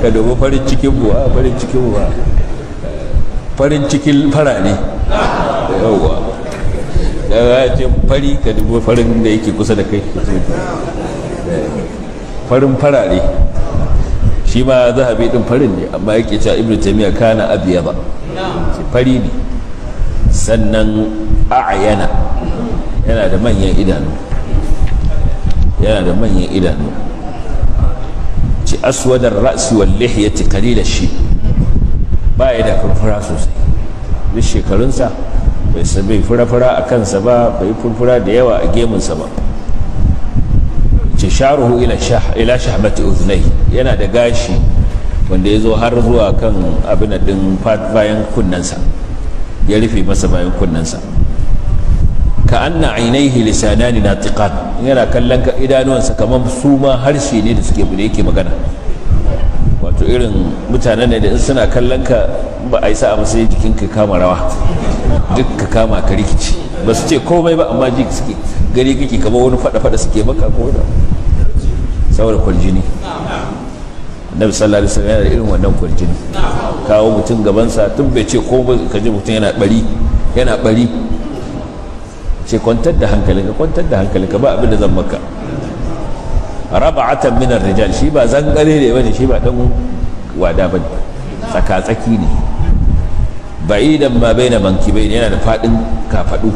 Speaker 4: ka duba farin cikin mu a farin cikin mu farin cikin fara ne yawwa daga ce fari ka duba farin da yake kusa da kai farin fara ne shi ma a din farin ne amma yake cewa ibn taymiya kana abiya ba fari ne sannan a'yana yana da manyan idanu yana da manyan idanu ci aswadar ra'si lihyati qalila shi ba ya da furfura sosai duk shekarunsa bai bai furfura a kansa ba bai furfura da yawa a gemunsa ba ci sharuhu ila shah shahmati uznai yana da gashi wanda ya zo har zuwa kan abin bayan kunnansa ya rufe masa bayan kunnensa ka anna ainihi lisanani natiqan yana kallon ka idanuwansa kamar su ma harshe ne da suke bude yake magana wato irin mutanen ne da in suna kallon ka ba a yi sa'a masu yin jikin ka kama rawa duk ka kama ka rikici ba su ce komai ba amma ji suke gari kake kamar wani fada-fada suke maka ko da saboda kwaljini annabi sallallahu alaihi wasallam yana da irin wannan kwaljini kawo mutum gabansa tun bai ce komai ka ji mutum yana bari yana bari ce kwantar da hankalinka kwantar da hankalinka ba abin da zan maka raba'atan min ar-rijal shi ba zangare ne bane shi ba dan wada bane tsaka tsaki ne idan ma baina mankibain yana da fadin kafaɗu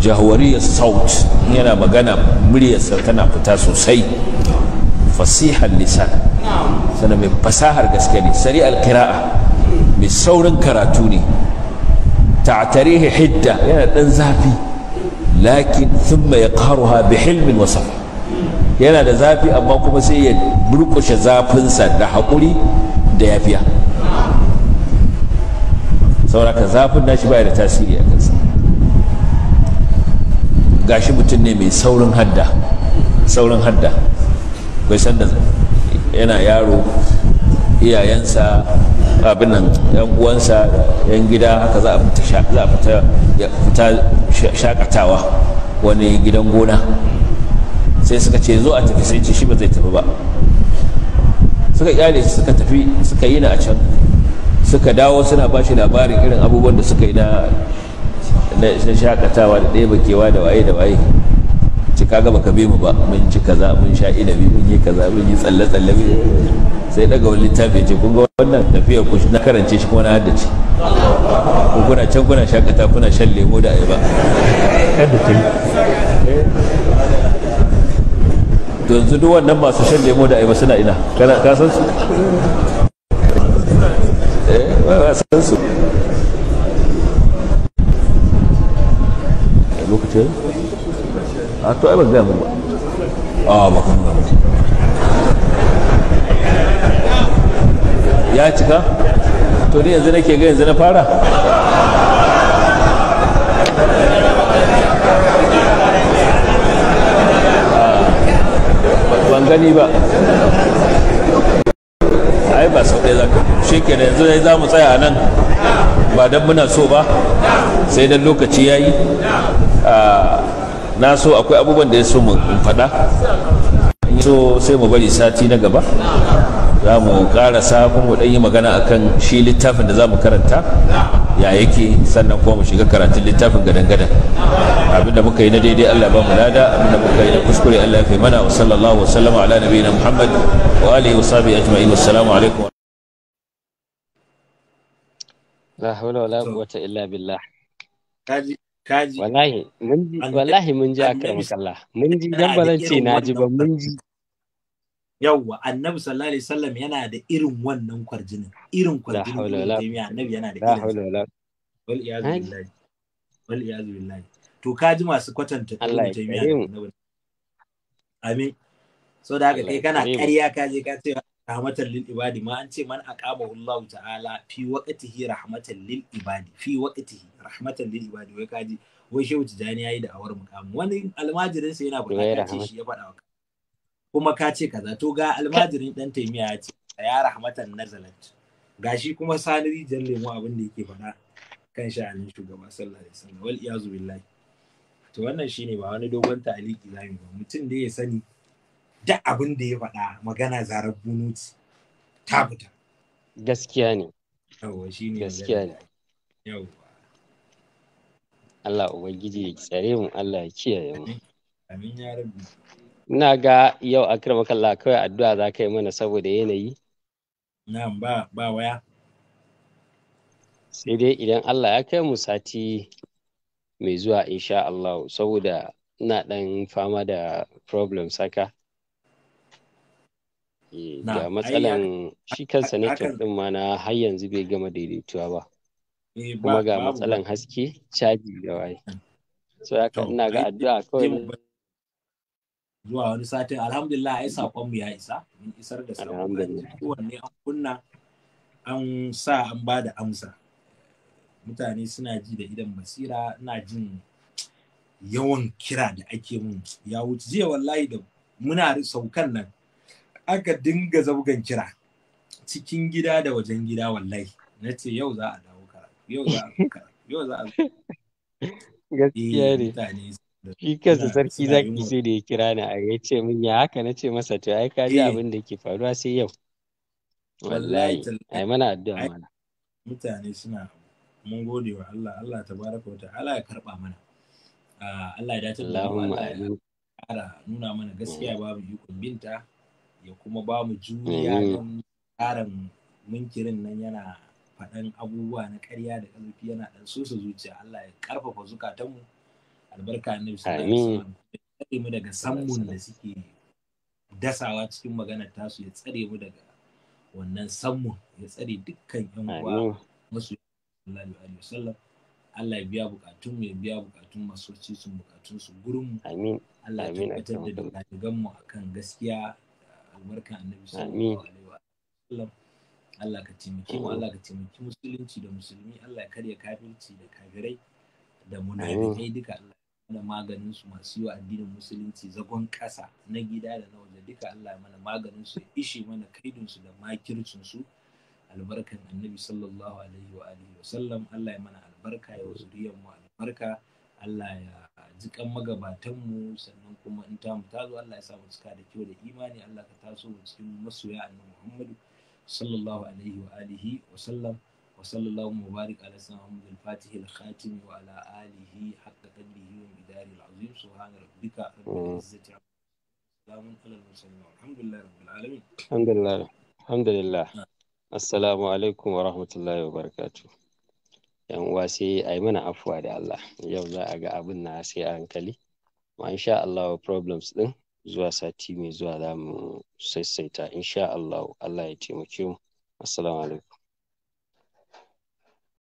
Speaker 4: jahwariyar saut yana magana muryarsa tana fita sosai fasihar nisan sannan mai fasahar gaske ne sari kira'a mai saurin karatu ne ta'tarihi hidda yana dan zafi lakin thumma yaqharuha bihilmin wa yana da zafi amma kuma sai ya burkushe zafinsa da haƙuri da yafiya sauraka zafin nashi baya da tasiri a kansa gashi mutum ne mai saurin hadda saurin hadda yana yaro iyayensa abin nan yan uwansa yan gida haka za a fita shakatawa wani gidan gona sai suka ce zo a tafi sai ce shi ba zai tafi ba suka kyale suka tafi suka yi na a can suka dawo suna ba shi labarin irin abubuwan da suka yi na shakatawa da ɗaya bakewa da waye da waye ci kaga ka bi mu ba mun ci kaza mun sha inabi mun yi kaza mun yi tsalle tsalle sai daga wani littafi ce kun ga wannan tafiya ku na karance shi kuma na haddace ku kuna can kuna shakata kuna shan lemo da ayaba to yanzu duk wannan masu shan lemo da ayaba suna ina kana ka san su eh ba san su lokacin a to ai ba gaya ba a ba kun ba ya cika to ni yanzu nake ga yanzu na fara ban gani ba ai ba sau ɗaya za ka shi yanzu dai za mu tsaya nan ba don muna so ba sai dan lokaci ya yi na so akwai abubuwan da ya so mu faɗa so sai mu bari sati na gaba za mu karasa kuma mu ɗan yi magana akan shi littafin da za mu karanta ya yake sannan kuma mu shiga karatun littafin gadan-gadan abinda muka yi na daidai Allah ba mu lada abinda muka yi na kuskure Allah fi mana wa sallallahu wa sallama ala na Muhammad wa alihi wa a jima'i assalamu alaikum
Speaker 1: la hawla quwwata illa billah kaji wallahi mun ji wallahi mun ji akan Allah mun ji dan bazan na ji ba mun
Speaker 2: ji yawwa annabi sallallahu alaihi wasallam yana da irin wannan kwarjinin irin kwarjinin da annabi yana da irin wal iyazu billahi wal iyazu billahi to kaji masu kwatanta Allah ya amin so da haka kai kana ƙarya ka je ka ce rahmatan lil ibadi ma an ce man aqamahu Allah ta'ala fi waqtihi rahmatan lil ibadi fi waqtihi rahmatan lil ibadi wai kaji wai shehu tijani yayi da awar mukamin wani almajirin sa yana bukata ce shi ya faɗa kuma ka ce kaza to ga almajirin dan taimiya ya ce ya rahmatan nazalat gashi kuma saniri jan lemu abin da yake faɗa kan sha'anin shugaba sallallahu alaihi wasallam wal iyazu billahi to wannan shine ba wani dogon ta'aliki zamu ba mutum da ya sani duk abin da ya faɗa magana zarar bunuti
Speaker 1: ta fita gaskiya ne yawa shine gaskiya ne yawa Allah Ubangiji ya tsare mu Allah ya kiyaye mu.
Speaker 2: Amin ya rabbi.
Speaker 1: Ina ga yau a akrama Allah kawai addu'a za ka yi mana saboda yanayi.
Speaker 2: Na'am ba ba waya.
Speaker 1: Sai dai idan Allah ya kai mu sati mai zuwa insha Allah saboda ina ɗan fama da problem saka. Da eh, matsalan shi kansa network ɗin ma na har yanzu bai gama daidaituwa ba. kuma ga matsalan haske caji da waye so ka ina ga addu'a kawai
Speaker 2: zuwa wani satin alhamdulillah ai mu ya isa mun isar da sakon wannan an kunna an sa an ba da amsa mutane suna ji da idan basira ina jin yawan kira da ake mun ya wuce jiya wallahi da muna saukan nan aka dinga zabgan kira cikin gida da wajen gida wallahi na ce yau za a yau za yau za gaskiya eh, ne shi kansa sarki za
Speaker 1: ki sai da ya kira ni a ya ce min ya haka na ce masa to ai ka ji eh. abin da ke faruwa sai yau
Speaker 2: wallahi ai mana addu'a mana mutane suna mun gode wa Allah Allah baraka wata ta'ala ya karba mana ah, Allah ya dace da mu ƙara nuna mana gaskiya mm. babu ikon binta ya kuma ba mu juriya kan mm. tsarin munkirin nan yana faɗan abubuwa na ƙarya da ƙarfi yana ɗan sosa zuciya Allah ya ƙarfafa zukatanmu albarka annabi sallallahu alaihi tsare mu daga sammun da suke dasawa cikin maganar tasu ya tsare mu daga wannan sammun ya tsare dukkan yan uwa masu sallallahu alaihi wasallam Allah ya biya bukatun mu ya biya bukatun masoci sun bukatun su gurin mu Allah ya tabbatar da dalilan mu akan gaskiya albarka annabi sallallahu alaihi wa sallam Allah ka taimake mu Allah ka taimaki musulunci da musulmi Allah ya karya kafirci da kafirai da munafikai duka Allah mana maganin su masu yiwa addinin musulunci zagon kasa na gida da na waje duka Allah mana maganin su ishe mana kaidun su da makircin su albarkan annabi sallallahu alaihi wa alihi wa sallam Allah ya mana albarka ya zuriyar mu albarka Allah ya jikan magabatan mu sannan kuma in ta mu tazo Allah ya sa mu cika da kyau da imani Allah ka taso mu cikin masoya annabi Muhammadu sallallahu alaihi wa alihi wa sallam wa sallallahu mubarak ala sayyidina al-fatih al-khatim wa ala alihi haqqa qadrihi wa bidari al-azim subhana rabbika rabbil hmm. izzati salamun ala al-mursalin alhamdulillahi rabbil alamin alhamdulillah
Speaker 1: alhamdulillah assalamu wa wa yan uwa sai a mana afuwa da Allah yau za a ga abin na sai a hankali ma insha Allah problems din zuwa sati mai zuwa za mu saisaita insha Allah Allah ya taimake mu assalamu alaikum